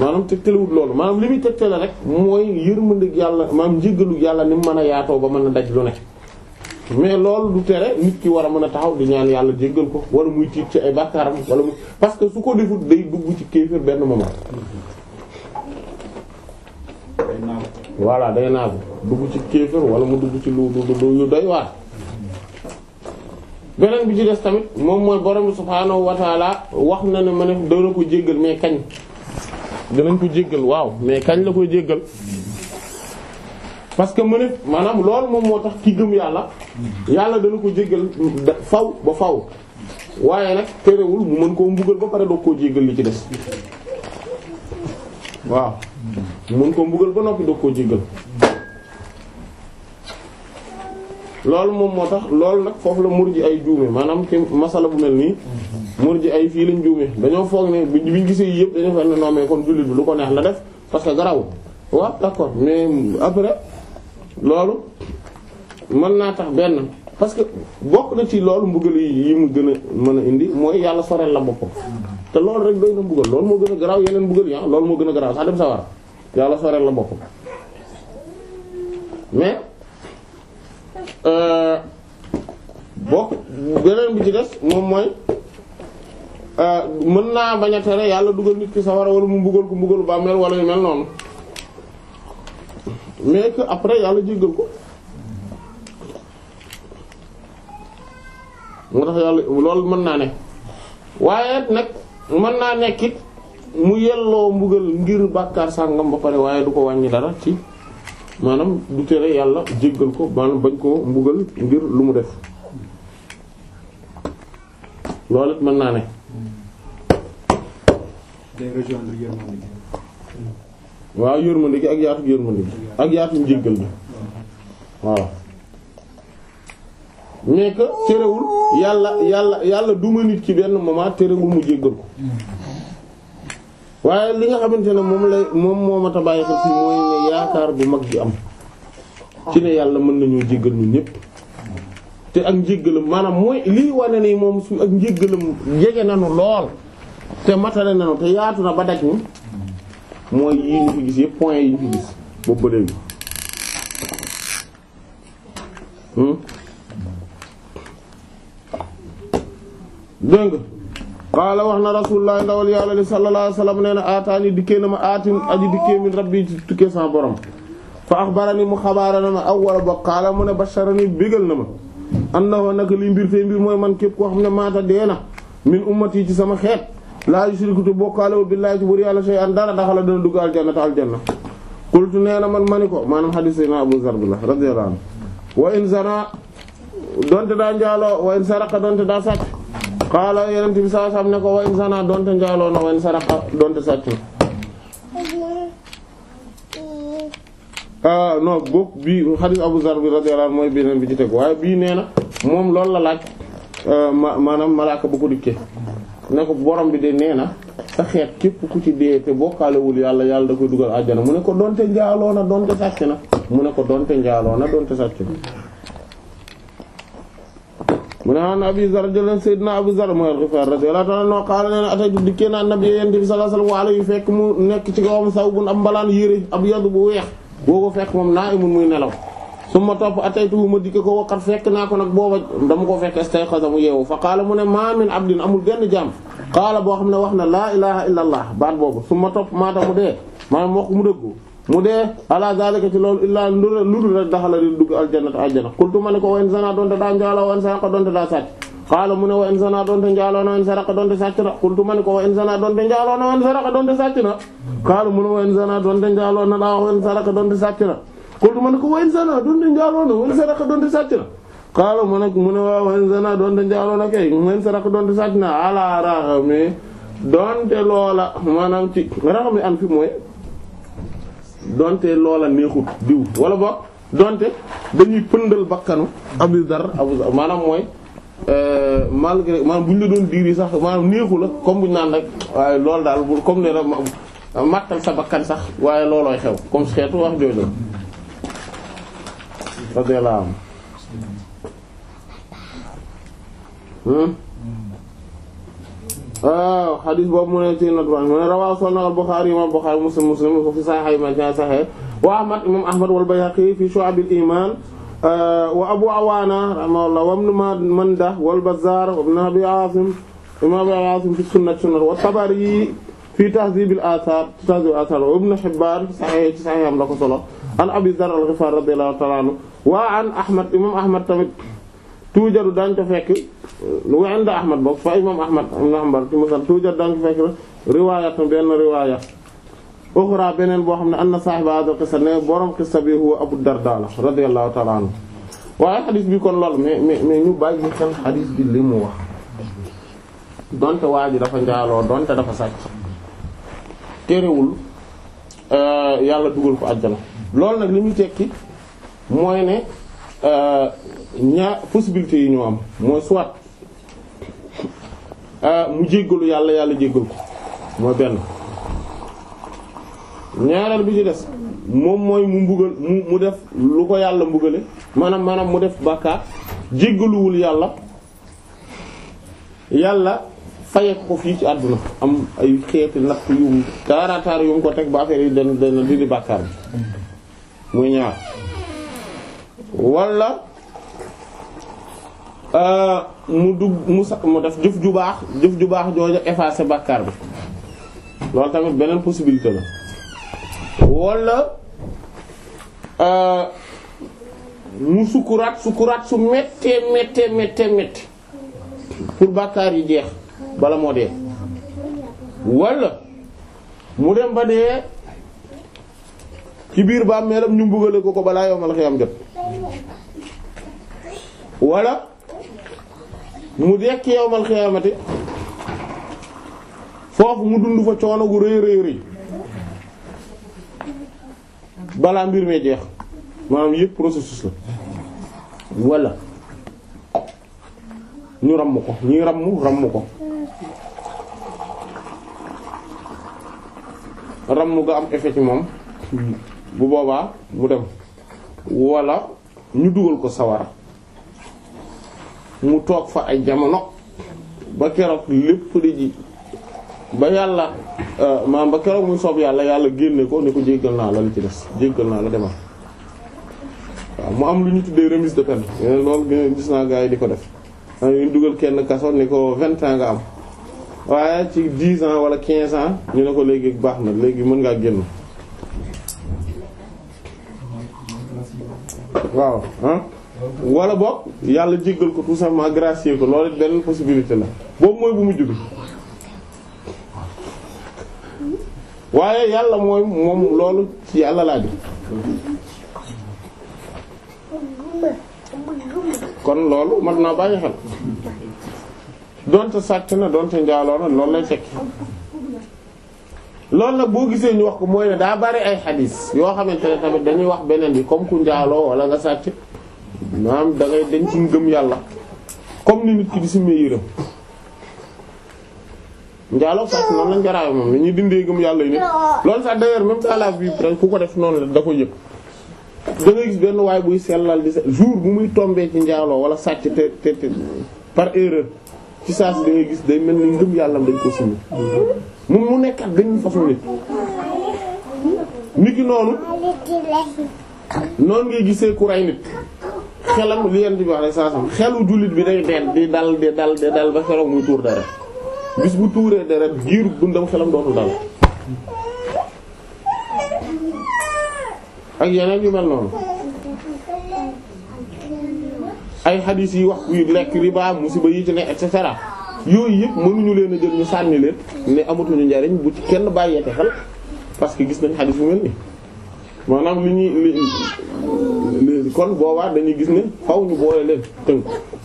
lor maanaam tegtalewut loolu maanaam li muy tegtale rek mooy ma yërmandeeg yàlla maam njéggalu yàlla ni mu mën a yaatoo ba mën a daj lu ne mais loolu du tere nit ki war a mën a taxaw di ñaan yàlla jéggal ko wala muy tiit ci ay bàkkaaram wala muy parce que su ko defut day dugg ci kéefir benn moment. day naaw voilà day naaw dugg ci kéefir wala mu dugg ci lu lu lu doy waar. beneen bi ci des tamit moom mooy borom bi subhaanahu wa taala wax na ne ma ne dana ko jéggal mais kañ danañ ko jéggal waaw mais kañ la koy jéggal parce que ma ne maanaam loolu moom moo tax ki gëm yàlla yàlla dana ko jéggal faw ba faw waaye nag terewul mu mën koo mbugal ba pare doog koo jéggal li ci des waaw mu mën koo mbugal ba noppi doog koo jéggal loolu moom moo tax loolu nag foofu la murji ay juume maanaam ci masala bu mel nii murji ay fii lañ juume dañoo foog ne bi ñu gisee yëpp dañoo foog ne non mais kon jullit bi lu ko neex la def parce que garaawul waaw d'accord mais après loolu mën naa tax benn parce que bokk na ci loolu mbugal yi mu gën a mën a indi mooy yàlla soreel la boppam te loolu rek doy na mbugal loolu moo gën a garaaw yeneen mbugal yi ah loolu moo gën a garaaw sax dem sa war a yàlla la boppam Euh, bokk beneen bi ci des moom mooy euh, mën naa bañ yàlla dugal nit ki safara wala mu mbugal ko mbugalu bàmmeel wala yu mel noonu mais que après yàlla jéggal ko mu tax yàlla lool mën naa ne waaye nag mën naa nekkit mu yelloo mbugal ngir bàkkaar sàngam ba pare waaye du ko wàññi dara ci maanaam du tere yàlla jéggal ko maanaam bañ koo mbugal ngir lu mu def loolu it mën naa ne. day rejoindre yërmande gi. waaw yërmande gi ak yaatu yërmande gi ak yaatu njéggal bi waaw mais terewul yàlla yàlla yàlla duma nit ci benn moment terewul mu jéggal ko. waaye li nga xamante ne moom lay moom moo mat a bàyyi xel fii mooy ne yaakaar bu mag ji am ci ne yàlla mën nañu jéggal ñun ñépp te ak njéggalam maanaam mooy lii wane ne moom su ak njéggalam jege nanu lool te matale nanu te yaatu na ba daj ñu mooy yi ñu fi gis point yi ñu gis boobu léegi dégg qaala wax na rasulullah ndawal yàlla li sallallahu alayhi wasallam nee na aataani dikkee na ma aatin aji dikkee min rabbi ci tukkee sama borom fa axbarani mu xabaara na ma awwala ba qaala mu ne basharani bégal na ma annahu nag li mbir tey mbir mooy man képp ko xam ne maata dee na min ummati ci sama xeet laa yushriku te bokkaalewul billaahi ci buur yàlla shay'an dara daxala dana dugg aljannata aljanna qultu nee na man mani ko maanaam xadiis sayna abu zar billah radiyallahu anhu wa in zana donte daa njaaloo wa in saraqa donte daa sàcc xaala yeneen bi saa sam ne ko wayn sana donte njaaloo na wayn saraxa donte sàccul ah, non bokk bi xadis Abu Zar bi radiyallahu anhu mooy beneen bi ci teg waaye bii nee na moom loolu la laaj ah, ma maanaam malaaka bu ko dikkee ne ko borom bi de nee na sa xeet képp ku ci dee te bokkaalewul yàlla yàlla da koy dugal àjjana mu ne ko donte njaaloo na donte sàcc na mu ne ko donte njaaloo na donte sàcc na mu ne an abi zar abu zar mooy al-Ghifar radiyallahu ta'ala anhu qaala nee na ataytu dikkee naa nabi yonent bi sallallahu alayhi wa fekk mu nekk ci kawam sawbun am mbalaan yére ab yadu bu weex boo ko fekk moom naa'imun muy nelaw summa topp ataytuhu ma dikke ko waqat fekk naa ko nag booba dama ko fekk istayqaza mu yeewu fa qaala mu ne ma min abdin amul benn jaam qaala boo xam ne wax na laa ilaha illa allah baat boobu summa topp maata mu dee maanaam wax mu dëggu mu dee ala zalika ci loolu illaa lu dul rek daxala di dugg aljannata aljana qultu ma ne ko wa in zana doonte daa njaaloo wa in saraqa doonte daa sàcc qaala mu ne wa in zana doonte njaaloo na wa in saraqa doonte sàcc na qultu ma ne ko wa in zana doonte njaaloo na wa in saraqa doonte sàcc na qaala mu ne wa in zana doonte njaaloo na daa wa in saraqa doonte sàcc na qultu ma ne ko wa in zana doonte njaaloo na wa in saraqa doonte sàcc na qaala mu ne mu ne waaw wa in zana doonte njaaloo na kay wa in saraqa doonte sàcc na ala raxami doonte loola maanaam ci raxami an fi mooy donte loola neexut diw wala boog donte dañuy pëndal bakkanu Abu Dar Abu Dar maanaam mooy euh, malgré maanaam bu ñu la doon diiri sax maanaam neexu la comme bu ñu naan rek waaye loolu daal comme ne la màttal sa bakkan sax waaye loolooy xew comme xeetu wax jooju radiyallahu anhu hmm? waaw xadis boobu mu ne ci not mu ne rawaa sol na al Buxaari imam Buxaari Muslim Muslim ko fi saxee ma ci saxee wa Ahmad imam Ahmad wal Bayhaqi fi Shu'abil Iman euh, wa Abu Awaana rahimahullah wa Ibn Manda wal Bazzaar wa Ibn Abi Aasim imam Abi Aasim fi Sunnat Sunnat wa Tabari fi Tahzib al Athar Tahzib al Athar wa Ibn Hibbaan saxee ci saxee am la ko solo an Abi Dharr al Ghifaari radiyallahu ta'ala anhu wa an Ahmad imam Ahmad tamit tuujaru daañu ko fekk wa inda Ahmad boog fa imam Ahmad ibn Hanbal ci musal tuujaru daañu ko fekk riwaayatun benn riwaaya uxra beneen boo xam ne anna na hadal qissa ne borom qissa bi huwa Abu Darda la radiyallahu ta'ala anhu waaye xadis bi kon loolu mais mais ñu bàyyi xel xadis bi li mu wax donte waa ji dafa njaaloo donte dafa sàcc terewul euh, yàlla dugal ko àjjana loolu nag li muy tekki mooy ne euh, ñaar possibilité yi ñoo am mooy soit ah, mu jéggalu yàlla yàlla jéggal ko mooy benn ñaareel bi ci des moom mooy mu mbugal mu mu def lu ko yàlla mbugale maanaam maanaam mu def bàkkaar jéggaluwul yàlla yàlla faye ko fii ci àdduna am ay xeeti natt yum taaraataar yum ko teg ba affaire yi dana di di bàkkaar bi muy ñaar walla Euh, mu dugg mu sa mu def jëf ju baax jëf ju baax jooja effacer bàkkaar bi loolu tamit beneen possibilité la wala euh, mu sukuraat sukuraat su méttee méttee méttee méttee pour bàkkaar yi jeex bala moo dee wala mu dem ba dee ci biir bàmmeelam ñu mbugale ko ko balaa yowmal xiyam jot wala mu dekk yawmal xiyaamati foofu mu dund fa coono gu rëy rëy balaa mbir mee jeex maanaam yëpp procesus la walla ñu ramm ko ñuy ramm ramm ko ramm ga am effet moom bu boobaa mu dem walla ñu dugal ko sawara mu toog fa ay jamono ba keroog lépp di ji ba yàlla euh, maam ba keroog muy soob yàlla yàlla génne ko ne ko jéggal naa la lu ci des jéggal naa la demal waaw mu am lu ñu tuddee remise de peine loolu gis naa gars yi di ko def ñu dugal kenn kaso ni ko vingt ans nga am waaye ci dix ans wala quinze ans ñu ne ko léegi baax na léegi mën ngaa génn waaw ah wala boog yàlla jéggal ko tout simplement gracier ko loolu benn possibilité la boobu mooy bu mujj bi waaye yàlla mooy moom loolu ci yàlla laa di kon loolu mat naa bàyyi xel donte sàcc na donte njaaloo na loolu lay tekki loolu nag boo gisee ñu wax ko mooy ne daa bari ay xadis yoo xamante ne tamit dañuy wax beneen bi comme ku njaaloo wala nga sàcc maanaam da ngay ci ngëm yàlla comme ni nit ki di simmee yërëm njaaloo sax noonu lañ garaawe moom ni ñuy dindee gëm yàlla yi nit loolu sax d'ailleurs même à la bi presque ko def noonu la da ko yëg da gis benn waay buy sellal di jour bu muy tombee ci njaaloo wala sàcc te te te par erreur ci saa si da gis day mel ni ngëm yàllam dañ ko simmi moom mu nekkat benn façon nit nit ki noonu noonu ngay gisee ku nit xelam li yéen di wax rek saa sam xelu jullit bi day den di dal di dal di dal ba xelam muy tuur dara bis bu tuuree deret diiru dundam xelam dootu dal ak yeneen yu mel noonu ay xadiis yi wax yu lekk riba musiba yi ci ne et cetera yooyu yëpp mënuñu leen a jël ñu sànni leen ne amatuñu njariñ bu ci kenn bàyyeete xel parce que gis nañ xadiis yu mel nii maanaam li ñuy li kon boobaa dañuy gis ne faw ñu boole leen tënk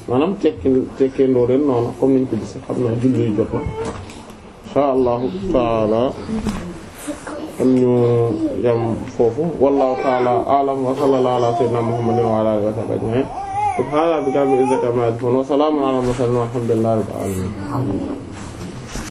maanaam tekki tekkeendoo leen noonu comme niñ ko gis xam naa julli jot na insha allahu taala am ñu yam foofu wallahu taala alam wa sallallahu ala sayyidina muhammadin wa ala alihi wa sahbihi ajma'in subhana rabbika rabbil izzati amma yasifun wa salamun ala mursalin walhamdulillahi rabbil alamin